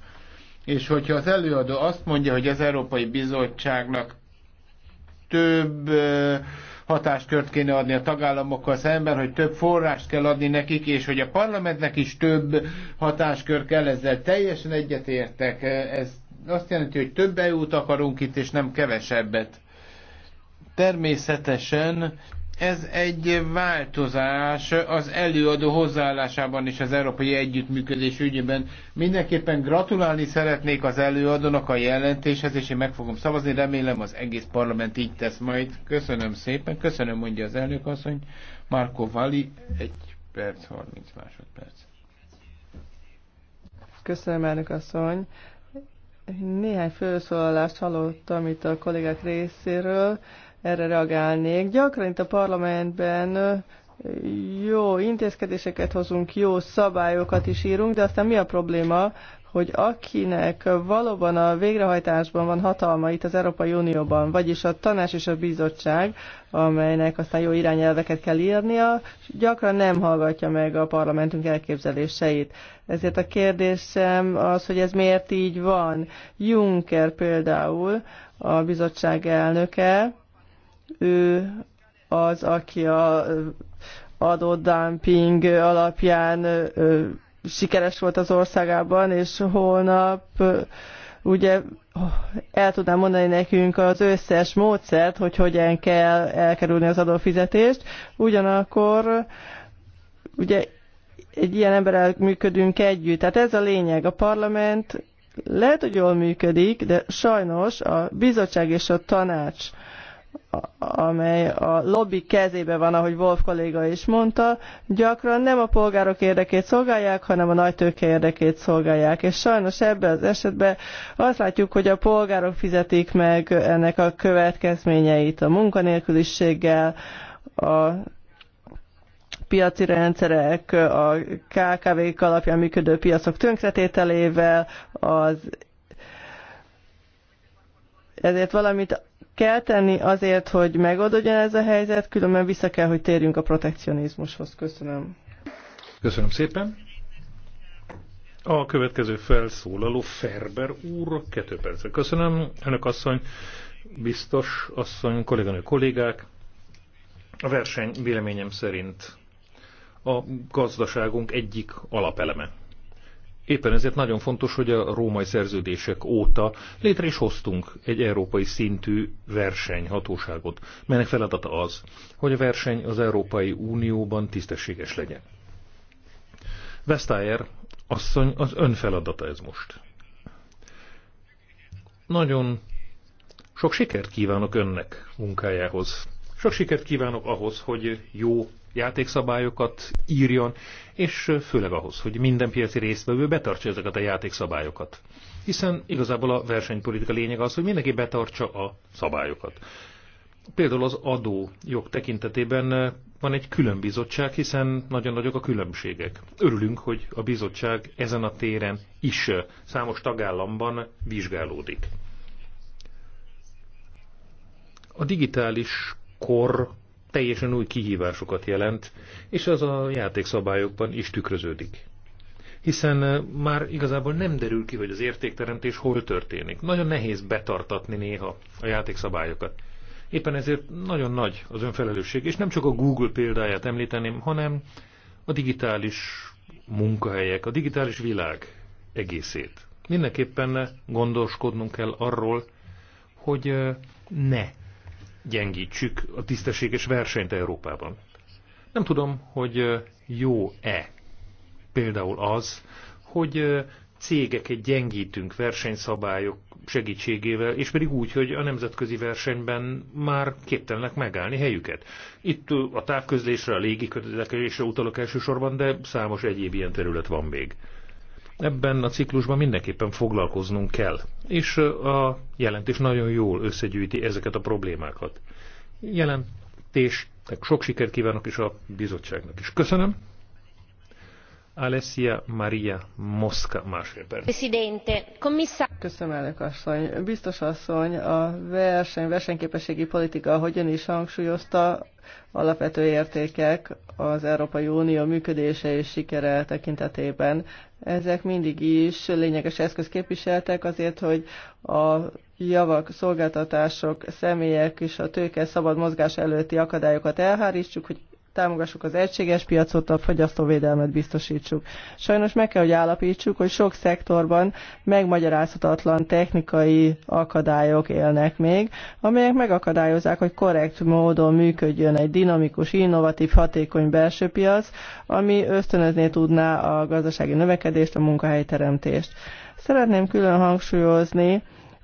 És hogyha az előadó azt mondja, hogy az Európai Bizottságnak több hatáskört kéne adni a tagállamokkal szemben, hogy több forrást kell adni nekik, és hogy a parlamentnek is több hatáskör kell, ezzel teljesen egyetértek, ezt azt jelenti, hogy több EU-t akarunk itt, és nem kevesebbet. Természetesen ez egy változás az előadó hozzáállásában és az európai együttműködés ügyében. Mindenképpen gratulálni szeretnék az előadónak a jelentéshez, és én meg fogom szavazni, remélem az egész parlament így tesz majd. Köszönöm szépen, köszönöm mondja az elnök asszony. Marco Vali egy perc, 30 másodperc. Köszönöm elnök asszony. Néhány felszólalást hallottam itt a kollégák részéről, erre reagálnék. Gyakran itt a parlamentben jó intézkedéseket hozunk, jó szabályokat is írunk, de aztán mi a probléma? hogy akinek valóban a végrehajtásban van hatalma itt az Európai Unióban, vagyis a tanács és a bizottság, amelynek aztán jó irányelveket kell írnia, gyakran nem hallgatja meg a parlamentünk elképzeléseit. Ezért a kérdésem az, hogy ez miért így van. Juncker például, a bizottság elnöke, ő az, aki a adódumping alapján sikeres volt az országában, és holnap ugye el tudnám mondani nekünk az összes módszert, hogy hogyan kell elkerülni az adófizetést. Ugyanakkor ugye egy ilyen emberrel működünk együtt. Tehát ez a lényeg. A parlament lehet, hogy jól működik, de sajnos a bizottság és a tanács amely a lobby kezébe van, ahogy Wolf kolléga is mondta, gyakran nem a polgárok érdekét szolgálják, hanem a nagy tőke érdekét szolgálják. És sajnos ebben az esetben azt látjuk, hogy a polgárok fizetik meg ennek a következményeit a munkanélküliséggel, a piaci rendszerek, a KKV-k alapján működő piacok tönkretételével, az ezért valamit kell tenni azért, hogy megoldódjon ez a helyzet, különben vissza kell, hogy térjünk a protekcionizmushoz. Köszönöm. Köszönöm szépen. A következő felszólaló Ferber úr, kettő percre. Köszönöm, önök asszony, biztos asszony, kolléganő kollégák. A verseny véleményem szerint a gazdaságunk egyik alapeleme. Éppen ezért nagyon fontos, hogy a római szerződések óta létre is hoztunk egy európai szintű versenyhatóságot, melynek feladata az, hogy a verseny az Európai Unióban tisztességes legyen. Vestager asszony az ön feladata ez most. Nagyon sok sikert kívánok önnek munkájához. Sok sikert kívánok ahhoz, hogy jó játékszabályokat írjon, és főleg ahhoz, hogy minden piaci résztvevő betartsa ezeket a játékszabályokat. Hiszen igazából a versenypolitika lényeg az, hogy mindenki betartsa a szabályokat. Például az adó jog tekintetében van egy külön bizottság, hiszen nagyon nagyok a különbségek. Örülünk, hogy a bizottság ezen a téren is számos tagállamban vizsgálódik. A digitális kor teljesen új kihívásokat jelent, és az a játékszabályokban is tükröződik. Hiszen eh, már igazából nem derül ki, hogy az értékteremtés hol történik. Nagyon nehéz betartatni néha a játékszabályokat. Éppen ezért nagyon nagy az önfelelősség, és nem csak a Google példáját említeném, hanem a digitális munkahelyek, a digitális világ egészét. Mindenképpen gondoskodnunk kell arról, hogy eh, ne gyengítsük a tisztességes versenyt Európában. Nem tudom, hogy jó-e például az, hogy cégeket gyengítünk versenyszabályok segítségével, és pedig úgy, hogy a nemzetközi versenyben már képtelenek megállni helyüket. Itt a távközlésre, a légi utalok elsősorban, de számos egyéb ilyen terület van még ebben a ciklusban mindenképpen foglalkoznunk kell. És a jelentés nagyon jól összegyűjti ezeket a problémákat. Jelentés, sok sikert kívánok is a bizottságnak is. Köszönöm. Maria Mosca Presidente, commissár... elnök asszony. Biztos asszony, a verseny, versenyképességi politika, ahogy ön is hangsúlyozta, alapvető értékek az Európai Unió működése és sikere tekintetében. Ezek mindig is lényeges eszköz képviseltek azért, hogy a javak, szolgáltatások, személyek és a tőke szabad mozgás előtti akadályokat elhárítsuk, hogy támogassuk az egységes piacot, a fogyasztóvédelmet biztosítsuk. Sajnos meg kell, hogy állapítsuk, hogy sok szektorban megmagyarázhatatlan technikai akadályok élnek még, amelyek megakadályozzák, hogy korrekt módon működjön egy dinamikus, innovatív, hatékony belső piac, ami ösztönözni tudná a gazdasági növekedést, a munkahelyteremtést. Szeretném külön hangsúlyozni,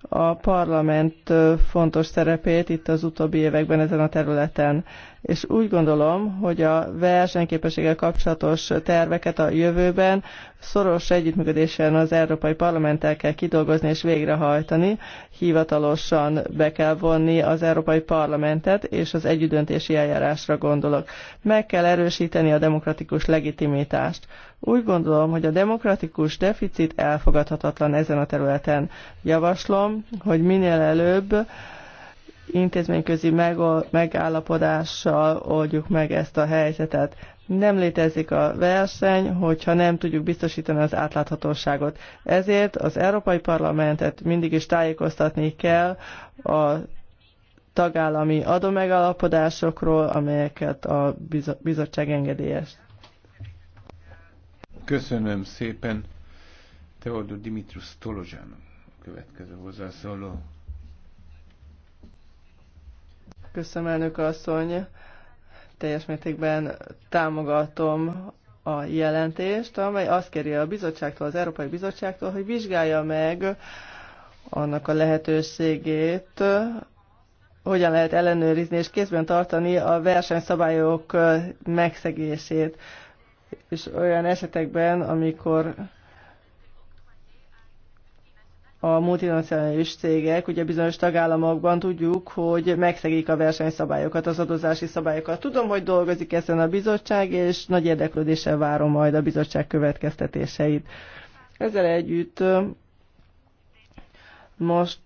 a parlament fontos szerepét itt az utóbbi években ezen a területen. És úgy gondolom, hogy a versenyképességgel kapcsolatos terveket a jövőben szoros együttműködésen az Európai Parlamenttel kell kidolgozni és végrehajtani. Hivatalosan be kell vonni az Európai Parlamentet és az együttdöntési eljárásra gondolok. Meg kell erősíteni a demokratikus legitimitást úgy gondolom, hogy a demokratikus deficit elfogadhatatlan ezen a területen. Javaslom, hogy minél előbb intézményközi megállapodással oldjuk meg ezt a helyzetet. Nem létezik a verseny, hogyha nem tudjuk biztosítani az átláthatóságot. Ezért az Európai Parlamentet mindig is tájékoztatni kell a tagállami adómegalapodásokról, amelyeket a bizottság engedélyez. Köszönöm szépen. Teodor Dimitrus Tolozsán a következő hozzászóló. Köszönöm, elnök asszony. Teljes mértékben támogatom a jelentést, amely azt kéri a bizottságtól, az Európai Bizottságtól, hogy vizsgálja meg annak a lehetőségét, hogyan lehet ellenőrizni és kézben tartani a versenyszabályok megszegését és olyan esetekben, amikor a multinacionális cégek, ugye bizonyos tagállamokban tudjuk, hogy megszegik a versenyszabályokat, az adózási szabályokat. Tudom, hogy dolgozik ezen a bizottság, és nagy érdeklődéssel várom majd a bizottság következtetéseit. Ezzel együtt most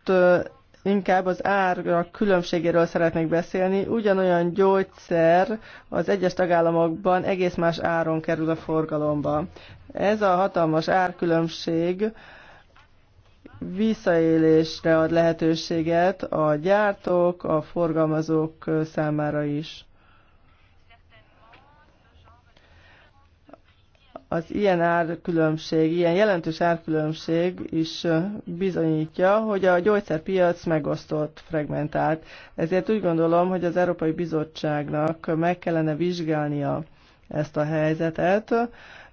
Inkább az árak különbségéről szeretnék beszélni. Ugyanolyan gyógyszer az egyes tagállamokban egész más áron kerül a forgalomba. Ez a hatalmas árkülönbség visszaélésre ad lehetőséget a gyártók, a forgalmazók számára is. az ilyen árkülönbség, ilyen jelentős árkülönbség is bizonyítja, hogy a gyógyszerpiac megosztott, fragmentált. Ezért úgy gondolom, hogy az Európai Bizottságnak meg kellene vizsgálnia ezt a helyzetet,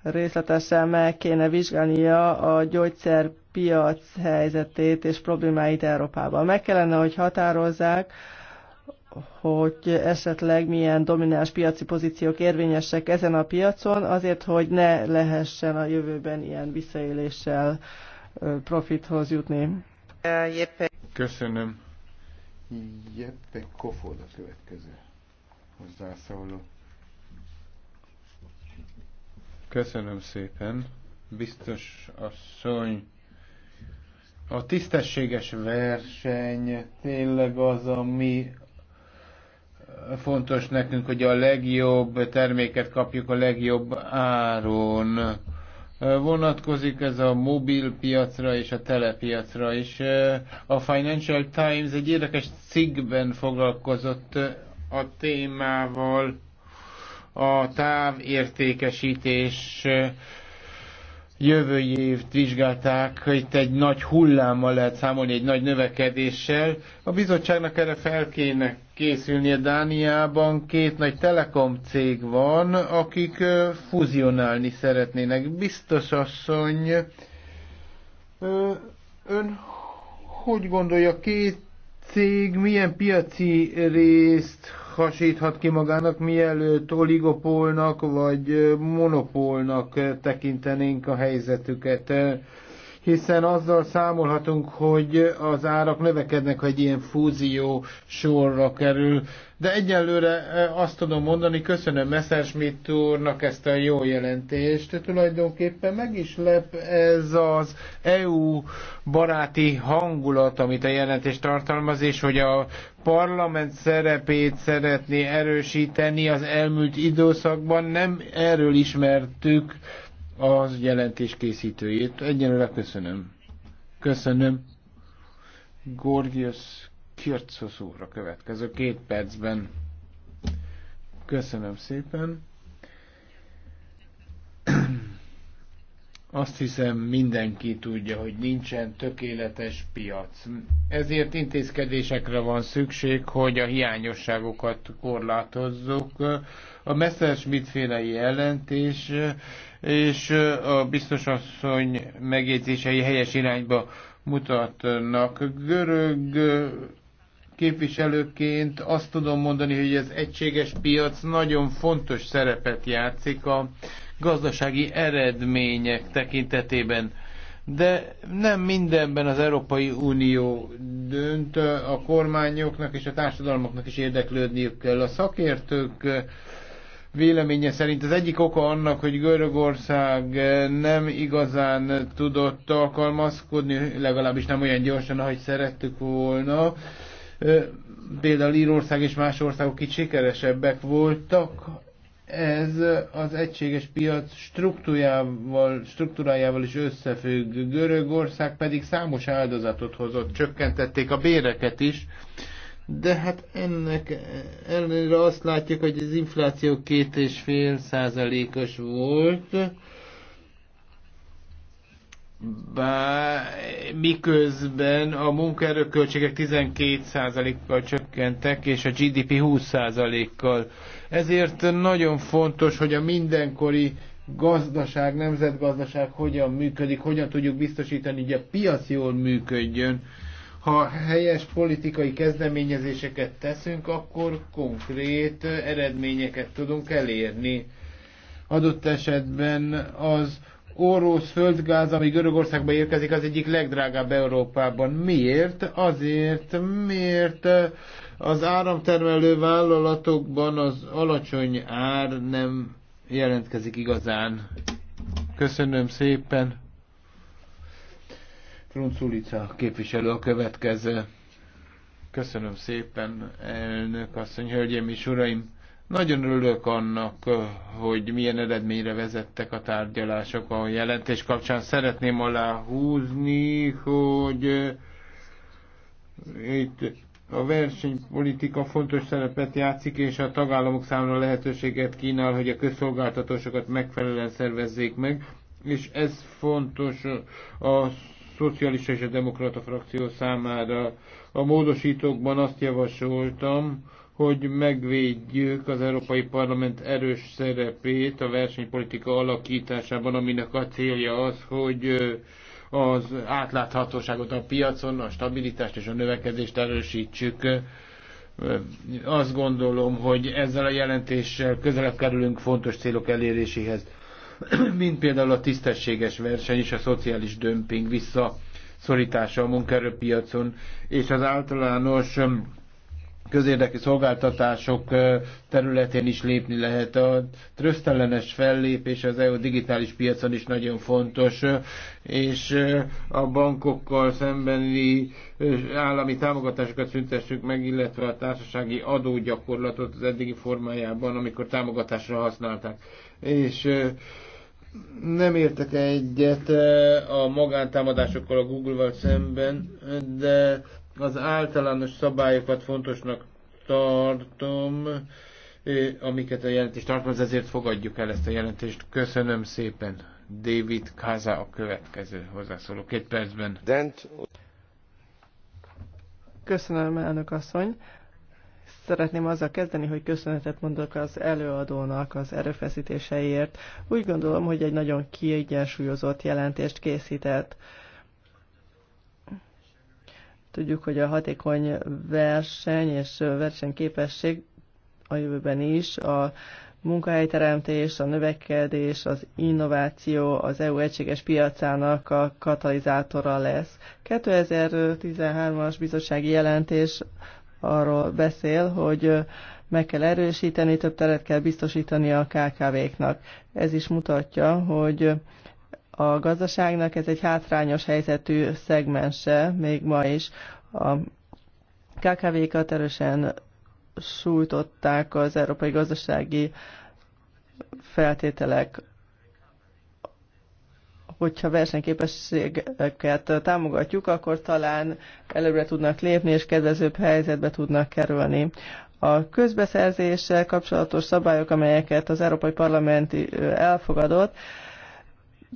részletesen meg kéne vizsgálnia a gyógyszerpiac helyzetét és problémáit Európában. Meg kellene, hogy határozzák, hogy esetleg milyen domináns piaci pozíciók érvényesek ezen a piacon, azért, hogy ne lehessen a jövőben ilyen visszaéléssel profithoz jutni. Köszönöm. Jeppe Kofod a következő hozzászóló. Köszönöm szépen. Biztos asszony, a tisztességes verseny tényleg az, ami fontos nekünk, hogy a legjobb terméket kapjuk a legjobb áron. Vonatkozik ez a mobil piacra és a telepiacra is. A Financial Times egy érdekes cikkben foglalkozott a témával a távértékesítés jövő évt vizsgálták, hogy itt egy nagy hullámmal lehet számolni, egy nagy növekedéssel. A bizottságnak erre fel kéne készülnie. Dániában két nagy telekom cég van, akik fuzionálni szeretnének. Biztos asszony, ön hogy gondolja, két cég milyen piaci részt hasíthat ki magának, mielőtt oligopolnak vagy monopolnak tekintenénk a helyzetüket hiszen azzal számolhatunk, hogy az árak növekednek, ha egy ilyen fúzió sorra kerül. De egyelőre e, azt tudom mondani, köszönöm Messerschmitt úrnak ezt a jó jelentést. Tulajdonképpen meg is lep ez az EU baráti hangulat, amit a jelentés tartalmaz, és hogy a parlament szerepét szeretné erősíteni az elmúlt időszakban. Nem erről ismertük az jelentés készítőjét. Egyenlőre köszönöm. Köszönöm. Gorgias Kirtsos úrra következő két percben. Köszönöm szépen. [CLEARS THROAT] Azt hiszem mindenki tudja, hogy nincsen tökéletes piac. Ezért intézkedésekre van szükség, hogy a hiányosságokat korlátozzuk. A Messerschmitt féle jelentés és a biztos asszony megjegyzései helyes irányba mutatnak. Görög képviselőként azt tudom mondani, hogy az egységes piac nagyon fontos szerepet játszik a gazdasági eredmények tekintetében. De nem mindenben az Európai Unió dönt, a kormányoknak és a társadalmaknak is érdeklődniük kell. A szakértők véleménye szerint az egyik oka annak, hogy Görögország nem igazán tudott alkalmazkodni, legalábbis nem olyan gyorsan, ahogy szerettük volna. Például Írország és más országok itt sikeresebbek voltak. Ez az egységes piac struktúrájával, struktúrájával is összefügg. Görögország pedig számos áldozatot hozott, csökkentették a béreket is de hát ennek ellenére azt látjuk, hogy az infláció két és fél százalékos volt, bár miközben a munkaerőköltségek 12%-kal csökkentek, és a GDP 20%-kal. Ezért nagyon fontos, hogy a mindenkori gazdaság, nemzetgazdaság hogyan működik, hogyan tudjuk biztosítani, hogy a piac jól működjön ha helyes politikai kezdeményezéseket teszünk, akkor konkrét eredményeket tudunk elérni. Adott esetben az orosz földgáz, ami Görögországba érkezik, az egyik legdrágább Európában. Miért? Azért, miért az áramtermelő vállalatokban az alacsony ár nem jelentkezik igazán. Köszönöm szépen. Frunculica képviselő a következő. Köszönöm szépen, elnök asszony, hölgyeim és uraim! Nagyon örülök annak, hogy milyen eredményre vezettek a tárgyalások a jelentés kapcsán. Szeretném aláhúzni, hogy eh, itt a versenypolitika fontos szerepet játszik, és a tagállamok számára lehetőséget kínál, hogy a közszolgáltatósokat megfelelően szervezzék meg, és ez fontos a szocialista és a demokrata frakció számára. A módosítókban azt javasoltam, hogy megvédjük az Európai Parlament erős szerepét a versenypolitika alakításában, aminek a célja az, hogy az átláthatóságot a piacon, a stabilitást és a növekedést erősítsük. Azt gondolom, hogy ezzel a jelentéssel közelebb kerülünk fontos célok eléréséhez. [CLEARS THROAT] mint például a tisztességes verseny és a szociális dömping visszaszorítása a munkaerőpiacon, és az általános um, közérdekű szolgáltatások uh, területén is lépni lehet. A trösztellenes fellépés az EU digitális piacon is nagyon fontos, uh, és uh, a bankokkal szembeni állami támogatásokat szüntessük meg, illetve a társasági adógyakorlatot az eddigi formájában, amikor támogatásra használták. És nem értek egyet a magántámadásokkal a Google-val szemben, de az általános szabályokat fontosnak tartom, amiket a jelentést tartalmaz, ezért fogadjuk el ezt a jelentést. Köszönöm szépen. David Kaza a következő hozzászóló. Két percben. Köszönöm, elnök asszony. Szeretném azzal kezdeni, hogy köszönetet mondok az előadónak az erőfeszítéseiért. Úgy gondolom, hogy egy nagyon kiegyensúlyozott jelentést készített. Tudjuk, hogy a hatékony verseny és versenyképesség a jövőben is a munkahelyteremtés, a növekedés, az innováció az EU egységes piacának a katalizátora lesz. 2013-as bizottsági jelentés arról beszél, hogy meg kell erősíteni, több teret kell biztosítani a KKV-knak. Ez is mutatja, hogy a gazdaságnak ez egy hátrányos helyzetű szegmense, még ma is. A KKV-kat erősen sújtották az európai gazdasági feltételek hogyha versenyképességeket támogatjuk, akkor talán előre tudnak lépni, és kedvezőbb helyzetbe tudnak kerülni. A közbeszerzéssel kapcsolatos szabályok, amelyeket az Európai Parlament elfogadott,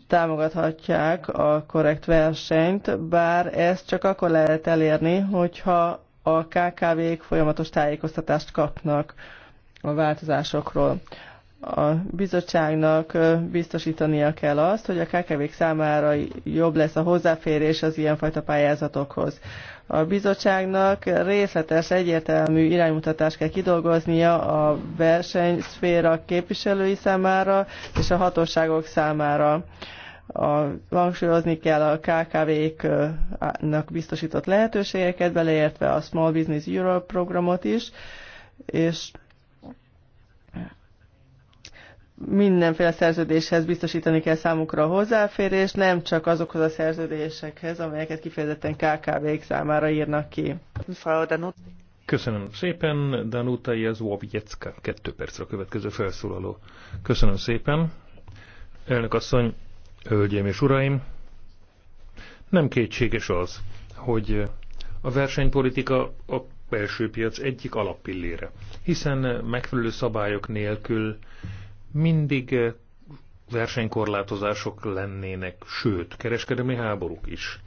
támogathatják a korrekt versenyt, bár ezt csak akkor lehet elérni, hogyha a KKV-k folyamatos tájékoztatást kapnak a változásokról a bizottságnak biztosítania kell azt, hogy a kkv számára jobb lesz a hozzáférés az ilyenfajta pályázatokhoz. A bizottságnak részletes, egyértelmű iránymutatást kell kidolgoznia a versenyszféra képviselői számára és a hatóságok számára. A, hangsúlyozni kell a KKV-knak biztosított lehetőségeket, beleértve a Small Business Europe programot is, és mindenféle szerződéshez biztosítani kell számukra a hozzáférés, nem csak azokhoz a szerződésekhez, amelyeket kifejezetten KKV-k számára írnak ki. Köszönöm szépen, Danuta Jezwovjecka, kettő percre a következő felszólaló. Köszönöm szépen, elnök asszony, hölgyeim és uraim. Nem kétséges az, hogy a versenypolitika a belső piac egyik alappillére, hiszen megfelelő szabályok nélkül mindig eh, versenykorlátozások lennének, sőt, kereskedelmi háborúk is.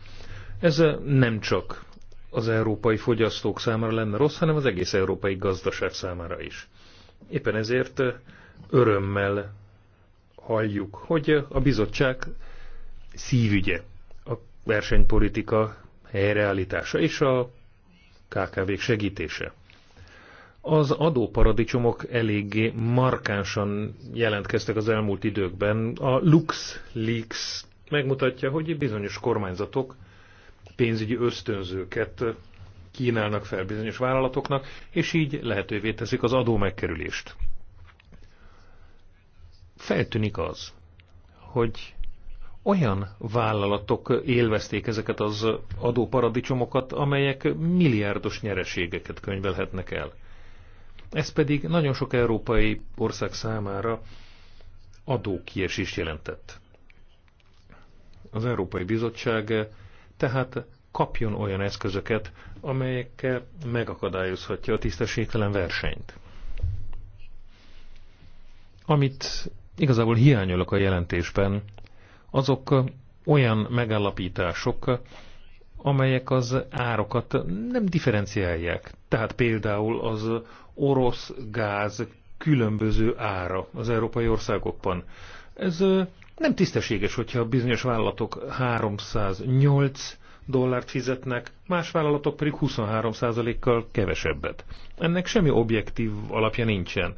Ez eh, nem csak az európai fogyasztók számára lenne rossz, hanem az egész európai gazdaság számára is. Éppen ezért eh, örömmel halljuk, hogy a bizottság szívügye a versenypolitika helyreállítása és a KKV-k segítése. Az adóparadicsomok eléggé markánsan jelentkeztek az elmúlt időkben. A LuxLeaks megmutatja, hogy bizonyos kormányzatok pénzügyi ösztönzőket kínálnak fel bizonyos vállalatoknak, és így lehetővé teszik az adó megkerülést. Feltűnik az, hogy olyan vállalatok élvezték ezeket az adóparadicsomokat, amelyek milliárdos nyereségeket könyvelhetnek el. Ez pedig nagyon sok európai ország számára adókiesést jelentett. Az Európai Bizottság tehát kapjon olyan eszközöket, amelyekkel megakadályozhatja a tisztességtelen versenyt. Amit igazából hiányolok a jelentésben, azok olyan megállapítások, amelyek az árakat nem differenciálják. Tehát például az orosz gáz különböző ára az európai országokban. Ez nem tisztességes, hogyha bizonyos vállalatok 308 dollárt fizetnek, más vállalatok pedig 23%-kal kevesebbet. Ennek semmi objektív alapja nincsen.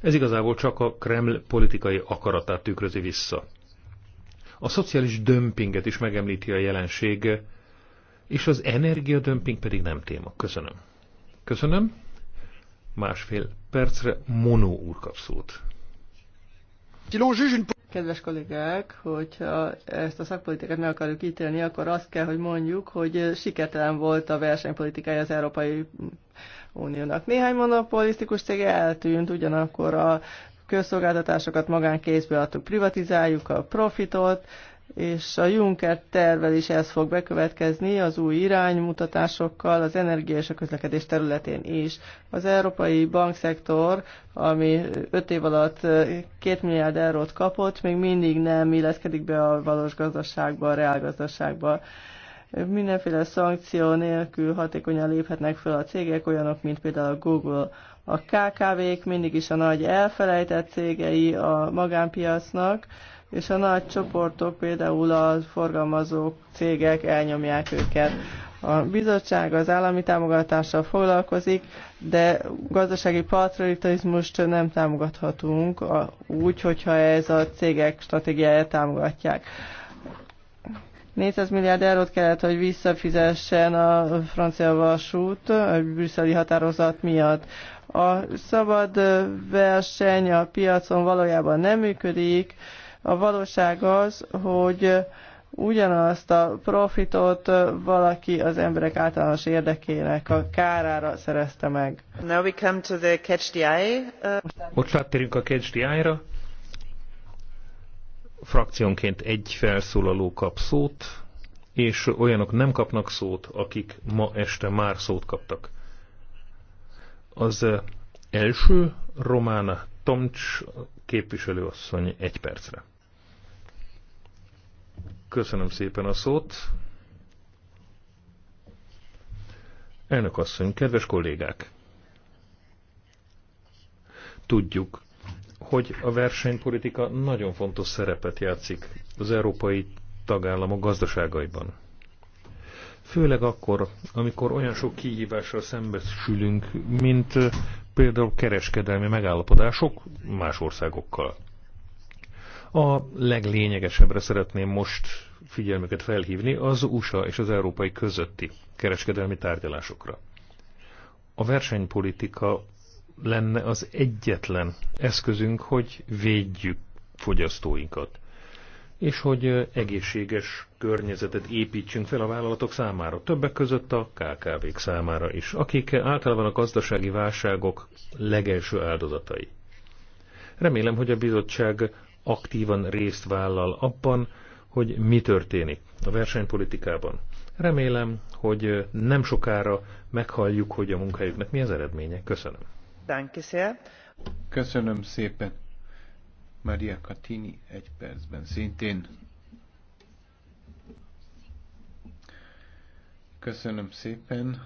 Ez igazából csak a Kreml politikai akaratát tükrözi vissza. A szociális dömpinget is megemlíti a jelenség, és az energiadömping pedig nem téma. Köszönöm. Köszönöm. Másfél percre Monó úr kap szót. Kedves kollégák, hogyha ezt a szakpolitikát meg akarjuk ítélni, akkor azt kell, hogy mondjuk, hogy sikertelen volt a versenypolitikája az Európai Uniónak. Néhány monopolisztikus cég eltűnt, ugyanakkor a közszolgáltatásokat magánkézbe adtuk, privatizáljuk a profitot, és a Juncker tervel is ez fog bekövetkezni az új iránymutatásokkal az energia és a közlekedés területén is. Az európai bankszektor, ami 5 év alatt 2 milliárd eurót kapott, még mindig nem illeszkedik be a valós gazdaságba, a reálgazdaságba. Mindenféle szankció nélkül hatékonyan léphetnek fel a cégek, olyanok, mint például a Google. A KKV-k mindig is a nagy elfelejtett cégei a magánpiacnak, és a nagy csoportok, például a forgalmazók, cégek elnyomják őket. A bizottság az állami támogatással foglalkozik, de gazdasági patriotizmust nem támogathatunk úgy, hogyha ez a cégek stratégiáját támogatják. 400 milliárd eurót kellett, hogy visszafizessen a francia vasút a brüsszeli határozat miatt. A szabad verseny a piacon valójában nem működik, a valóság az, hogy ugyanazt a profitot valaki az emberek általános érdekének a kárára szerezte meg. Now we come to the catch the eye. Uh... Most áttérünk a catch the eye-ra. Frakciónként egy felszólaló kap szót, és olyanok nem kapnak szót, akik ma este már szót kaptak. Az uh, első Romána Tomcs Képviselőasszony egy percre. Köszönöm szépen a szót. Elnök asszony, kedves kollégák! Tudjuk, hogy a versenypolitika nagyon fontos szerepet játszik az európai tagállamok gazdaságaiban. Főleg akkor, amikor olyan sok kihívással szembesülünk, mint például kereskedelmi megállapodások más országokkal. A leglényegesebbre szeretném most figyelmüket felhívni az USA és az európai közötti kereskedelmi tárgyalásokra. A versenypolitika lenne az egyetlen eszközünk, hogy védjük fogyasztóinkat és hogy egészséges környezetet építsünk fel a vállalatok számára, többek között a KKV-k számára is, akik általában a gazdasági válságok legelső áldozatai. Remélem, hogy a bizottság aktívan részt vállal abban, hogy mi történik a versenypolitikában. Remélem, hogy nem sokára meghalljuk, hogy a munkájuknak mi az eredménye. Köszönöm. Köszönöm szépen. Maria Katini egy percben szintén. Köszönöm szépen.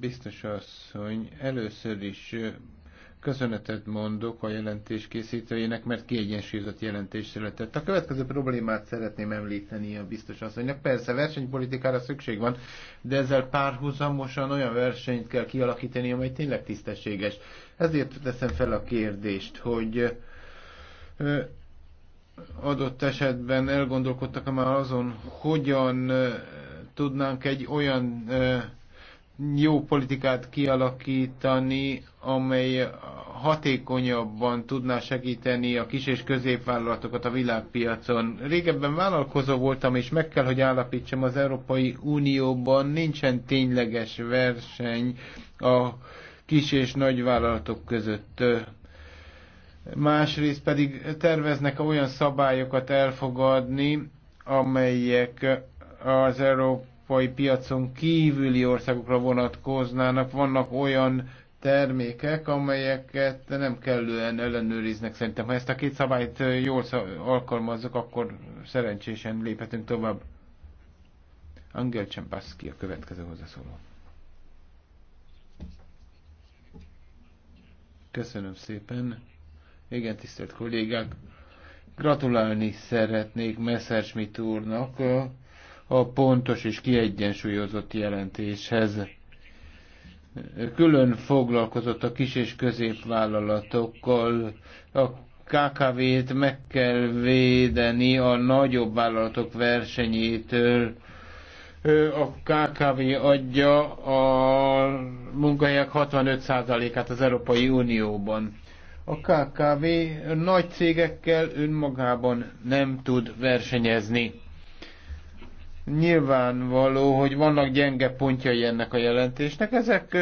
Biztos asszony, először is köszönetet mondok a jelentés készítőjének, mert kiegyensúlyozott jelentés született. A következő problémát szeretném említeni a biztos asszonynak. Persze versenypolitikára szükség van, de ezzel párhuzamosan olyan versenyt kell kialakítani, amely tényleg tisztességes. Ezért teszem fel a kérdést, hogy adott esetben elgondolkodtak -e már azon, hogyan tudnánk egy olyan jó politikát kialakítani, amely hatékonyabban tudná segíteni a kis és középvállalatokat a világpiacon. Régebben vállalkozó voltam, és meg kell, hogy állapítsam, az Európai Unióban nincsen tényleges verseny a kis és nagy vállalatok között. Másrészt pedig terveznek olyan szabályokat elfogadni, amelyek az európai piacon kívüli országokra vonatkoznának. Vannak olyan termékek, amelyeket nem kellően ellenőriznek. Szerintem, ha ezt a két szabályt jól alkalmazzuk, akkor szerencsésen léphetünk tovább. Angel Csempászki a következő hozzászóló. Köszönöm szépen. Igen, tisztelt kollégák. Gratulálni szeretnék Messerschmitt úrnak a pontos és kiegyensúlyozott jelentéshez. Külön foglalkozott a kis és középvállalatokkal, a KKV-t meg kell védeni a nagyobb vállalatok versenyétől, a KKV adja a munkahelyek 65%-át az Európai Unióban. A KKV nagy cégekkel önmagában nem tud versenyezni. Nyilvánvaló, hogy vannak gyenge pontjai ennek a jelentésnek, ezek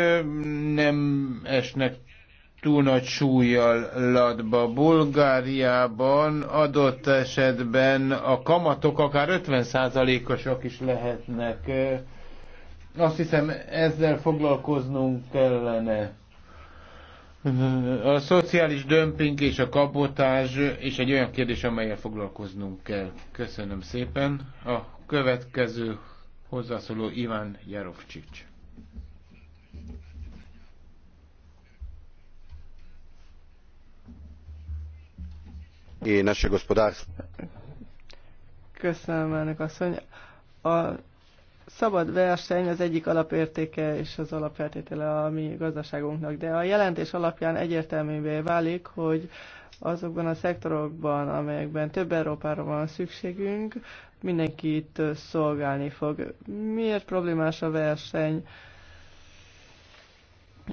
nem esnek túl nagy súlyjal ladba. Bulgáriában adott esetben a kamatok akár 50%-osak is lehetnek. Azt hiszem ezzel foglalkoznunk kellene. A szociális dömping és a kabotás és egy olyan kérdés, amelyel foglalkoznunk kell. Köszönöm szépen. A következő hozzászóló Iván Jarovcsics. i naše gospodarstvo. Köszönöm, elnök asszony. A szabad verseny az egyik alapértéke és az alapfeltétele a mi gazdaságunknak, de a jelentés alapján egyértelművé válik, hogy azokban a szektorokban, amelyekben több Európára van szükségünk, mindenkit szolgálni fog. Miért problémás a verseny?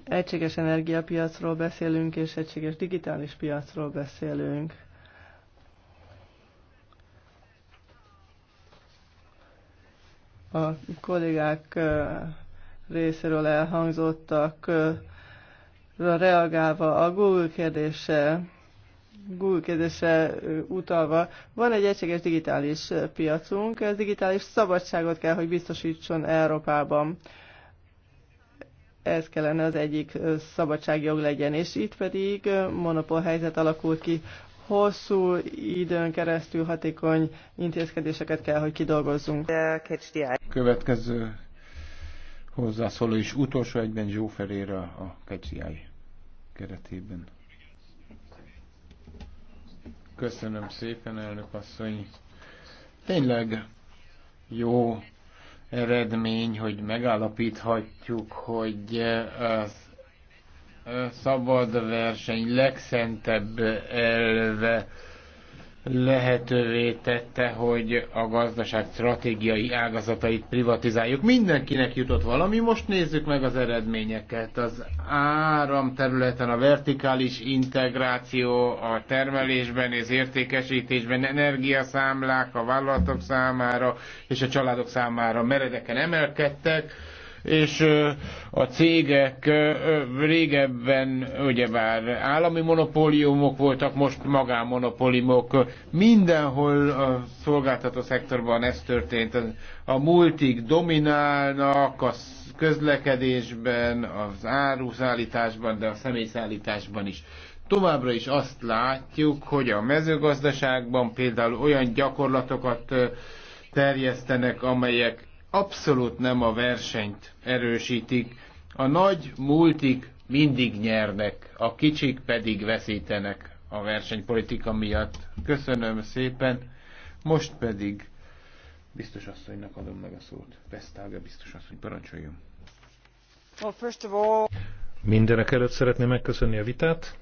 Egységes energiapiacról beszélünk, és egységes digitális piacról beszélünk a kollégák részéről elhangzottak reagálva a Google kérdése, Google kérdése utalva, van egy egységes digitális piacunk, ez digitális szabadságot kell, hogy biztosítson Európában. Ez kellene az egyik szabadságjog legyen, és itt pedig monopól helyzet alakult ki hosszú időn keresztül hatékony intézkedéseket kell, hogy kidolgozzunk. Következő hozzászóló is utolsó egyben Zsó Ferére a KCI keretében. Köszönöm szépen, elnök asszony. Tényleg jó eredmény, hogy megállapíthatjuk, hogy az eh, szabad verseny legszentebb elve lehetővé tette, hogy a gazdaság stratégiai ágazatait privatizáljuk. Mindenkinek jutott valami, most nézzük meg az eredményeket. Az áram területen a vertikális integráció a termelésben és értékesítésben, energiaszámlák a vállalatok számára és a családok számára meredeken emelkedtek és a cégek régebben ugyebár állami monopóliumok voltak, most magánmonopóliumok. Mindenhol a szolgáltató szektorban ez történt. A multik dominálnak a közlekedésben, az áruszállításban, de a személyszállításban is. Továbbra is azt látjuk, hogy a mezőgazdaságban például olyan gyakorlatokat terjesztenek, amelyek abszolút nem a versenyt erősítik. A nagy multik mindig nyernek, a kicsik pedig veszítenek a versenypolitika miatt. Köszönöm szépen, most pedig biztos asszonynak adom meg a szót. Vesztága biztos asszony, parancsoljon. Well, first of all... Mindenek előtt szeretném megköszönni a vitát.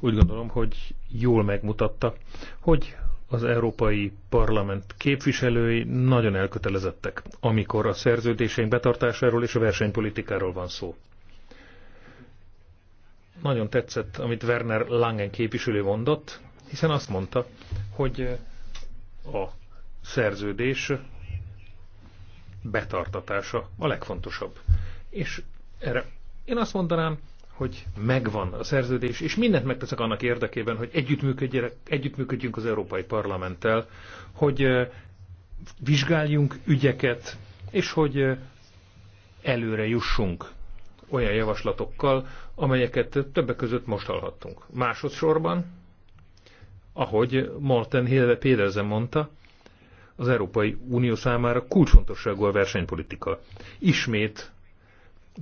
Úgy gondolom, hogy jól megmutatta, hogy az Európai Parlament képviselői nagyon elkötelezettek, amikor a szerződéseink betartásáról és a versenypolitikáról van szó. Nagyon tetszett, amit Werner Langen képviselő mondott, hiszen azt mondta, hogy a szerződés betartatása a legfontosabb. És erre én azt mondanám, hogy megvan a szerződés, és mindent megteszek annak érdekében, hogy együttműködjünk az Európai Parlamenttel, hogy vizsgáljunk ügyeket, és hogy előre jussunk olyan javaslatokkal, amelyeket többek között most hallhattunk. Másodszorban, ahogy Martin Hilve Péderzen mondta, az Európai Unió számára kulcsfontosságú a versenypolitika. Ismét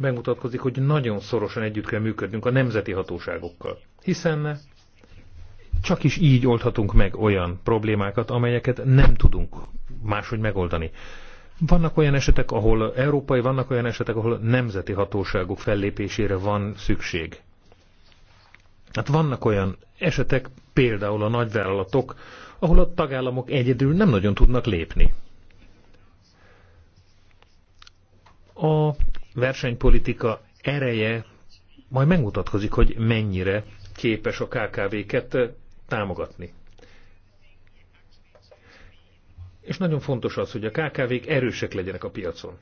megmutatkozik, hogy nagyon szorosan együtt kell működnünk a nemzeti hatóságokkal. Hiszen csak is így oldhatunk meg olyan problémákat, amelyeket nem tudunk máshogy megoldani. Vannak olyan esetek, ahol európai, vannak olyan esetek, ahol nemzeti hatóságok fellépésére van szükség. Hát vannak olyan esetek, például a nagyvállalatok, ahol a tagállamok egyedül nem nagyon tudnak lépni. A versenypolitika ereje majd megmutatkozik, hogy mennyire képes a KKV-ket támogatni. És nagyon fontos az, hogy a KKV-k erősek legyenek a piacon.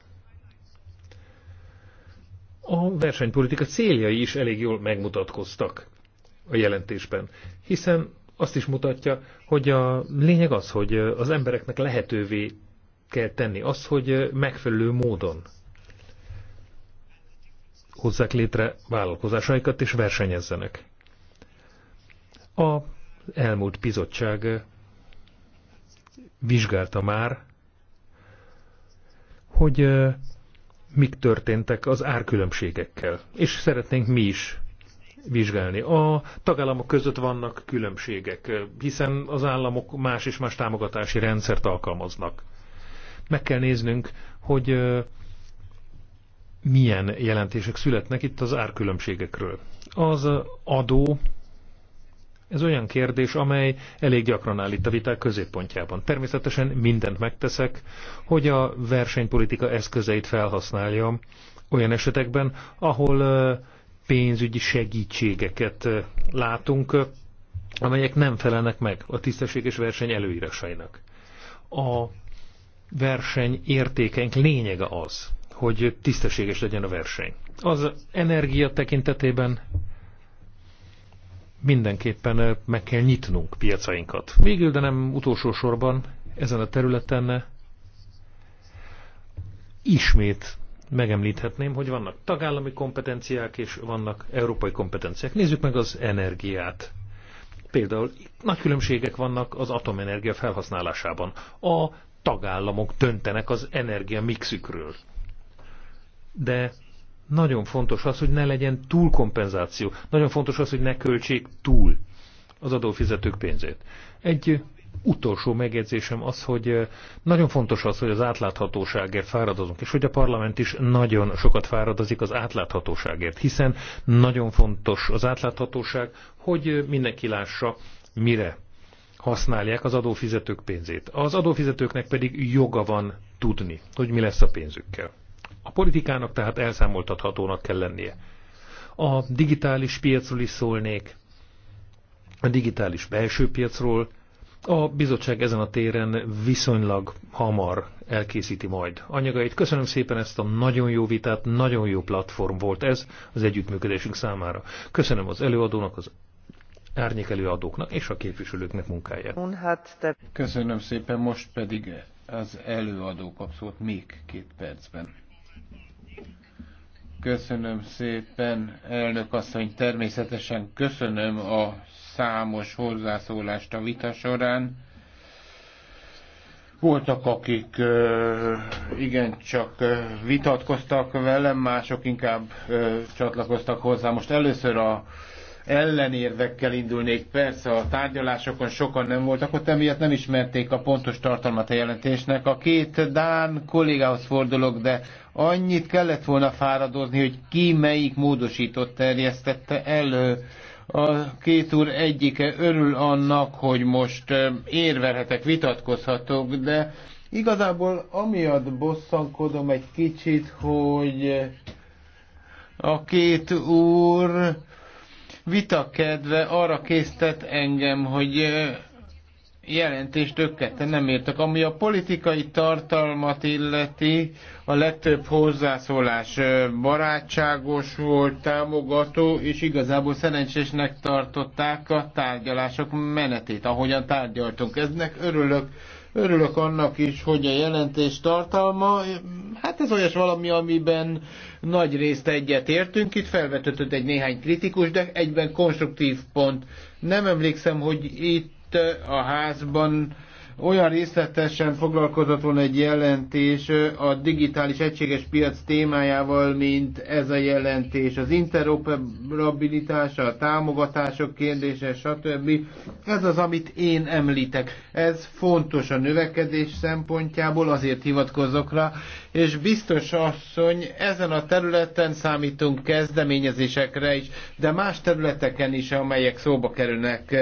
A versenypolitika céljai is elég jól megmutatkoztak a jelentésben, hiszen azt is mutatja, hogy a lényeg az, hogy az embereknek lehetővé kell tenni az, hogy megfelelő módon hozzák létre vállalkozásaikat és versenyezzenek. A elmúlt bizottság vizsgálta már, hogy mik történtek az árkülönbségekkel, és szeretnénk mi is vizsgálni. A tagállamok között vannak különbségek, hiszen az államok más és más támogatási rendszert alkalmaznak. Meg kell néznünk, hogy milyen jelentések születnek itt az árkülönbségekről. Az adó, ez olyan kérdés, amely elég gyakran áll itt a viták középpontjában. Természetesen mindent megteszek, hogy a versenypolitika eszközeit felhasználjam olyan esetekben, ahol pénzügyi segítségeket látunk, amelyek nem felelnek meg a tisztességes verseny előírásainak. A verseny értékeink lényege az, hogy tisztességes legyen a verseny. Az energia tekintetében mindenképpen meg kell nyitnunk piacainkat. Végül, de nem utolsó sorban ezen a területen ismét megemlíthetném, hogy vannak tagállami kompetenciák és vannak európai kompetenciák. Nézzük meg az energiát. Például nagy különbségek vannak az atomenergia felhasználásában. A tagállamok döntenek az energia mixükről de nagyon fontos az, hogy ne legyen túlkompenzáció. Nagyon fontos az, hogy ne költsék túl az adófizetők pénzét. Egy utolsó megjegyzésem az, hogy eh, nagyon fontos az, hogy az átláthatóságért fáradozunk, és hogy a parlament is nagyon sokat fáradozik az átláthatóságért, hiszen nagyon fontos az átláthatóság, hogy mindenki lássa, mire használják az adófizetők pénzét. Az adófizetőknek pedig joga van tudni, hogy mi lesz a pénzükkel. A politikának tehát elszámoltathatónak kell lennie. A digitális piacról is szólnék, a digitális belső piacról. A bizottság ezen a téren viszonylag hamar elkészíti majd anyagait. Köszönöm szépen ezt a nagyon jó vitát, nagyon jó platform volt ez az együttműködésünk számára. Köszönöm az előadónak, az árnyék előadóknak és a képviselőknek munkáját. Hát Köszönöm szépen, most pedig az előadó kapszót még két percben. Köszönöm szépen, elnök asszony. Természetesen köszönöm a számos hozzászólást a vita során. Voltak, akik igen csak vitatkoztak velem, mások inkább csatlakoztak hozzá. Most először a ellenérvekkel indulnék. Persze a tárgyalásokon sokan nem voltak ott, emiatt nem ismerték a pontos tartalmat a jelentésnek. A két Dán kollégához fordulok, de Annyit kellett volna fáradozni, hogy ki melyik módosított terjesztette elő. A két úr egyike örül annak, hogy most eh, érvelhetek, vitatkozhatok, de igazából amiatt bosszankodom egy kicsit, hogy eh, a két úr vitakedve arra késztet engem, hogy eh, jelentést tökéletesen nem értek. Ami a politikai tartalmat illeti, a legtöbb hozzászólás barátságos volt, támogató, és igazából szerencsésnek tartották a tárgyalások menetét, ahogyan tárgyaltunk. Eznek örülök. Örülök annak is, hogy a jelentés tartalma, hát ez olyas valami, amiben nagy részt értünk, Itt felvetődött egy néhány kritikus, de egyben konstruktív pont. Nem emlékszem, hogy itt a házban olyan részletesen foglalkozott volna egy jelentés a digitális egységes piac témájával, mint ez a jelentés. Az interoperabilitása, a támogatások kérdése, stb. Ez az, amit én említek. Ez fontos a növekedés szempontjából, azért hivatkozok rá, és biztos asszony, ezen a területen számítunk kezdeményezésekre is, de más területeken is, amelyek szóba kerülnek.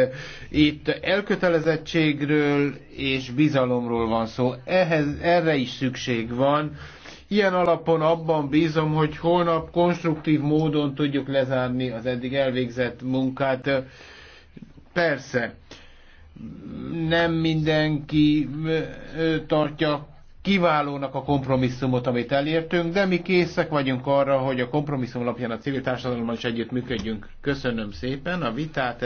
Itt elkötelezettségről és bizalomról van szó. Ehhez, erre is szükség van. Ilyen alapon abban bízom, hogy holnap konstruktív módon tudjuk lezárni az eddig elvégzett munkát. Persze, nem mindenki tartja kiválónak a kompromisszumot, amit elértünk, de mi készek vagyunk arra, hogy a kompromisszum alapján a civil társadalommal is együtt működjünk. Köszönöm szépen a vitát.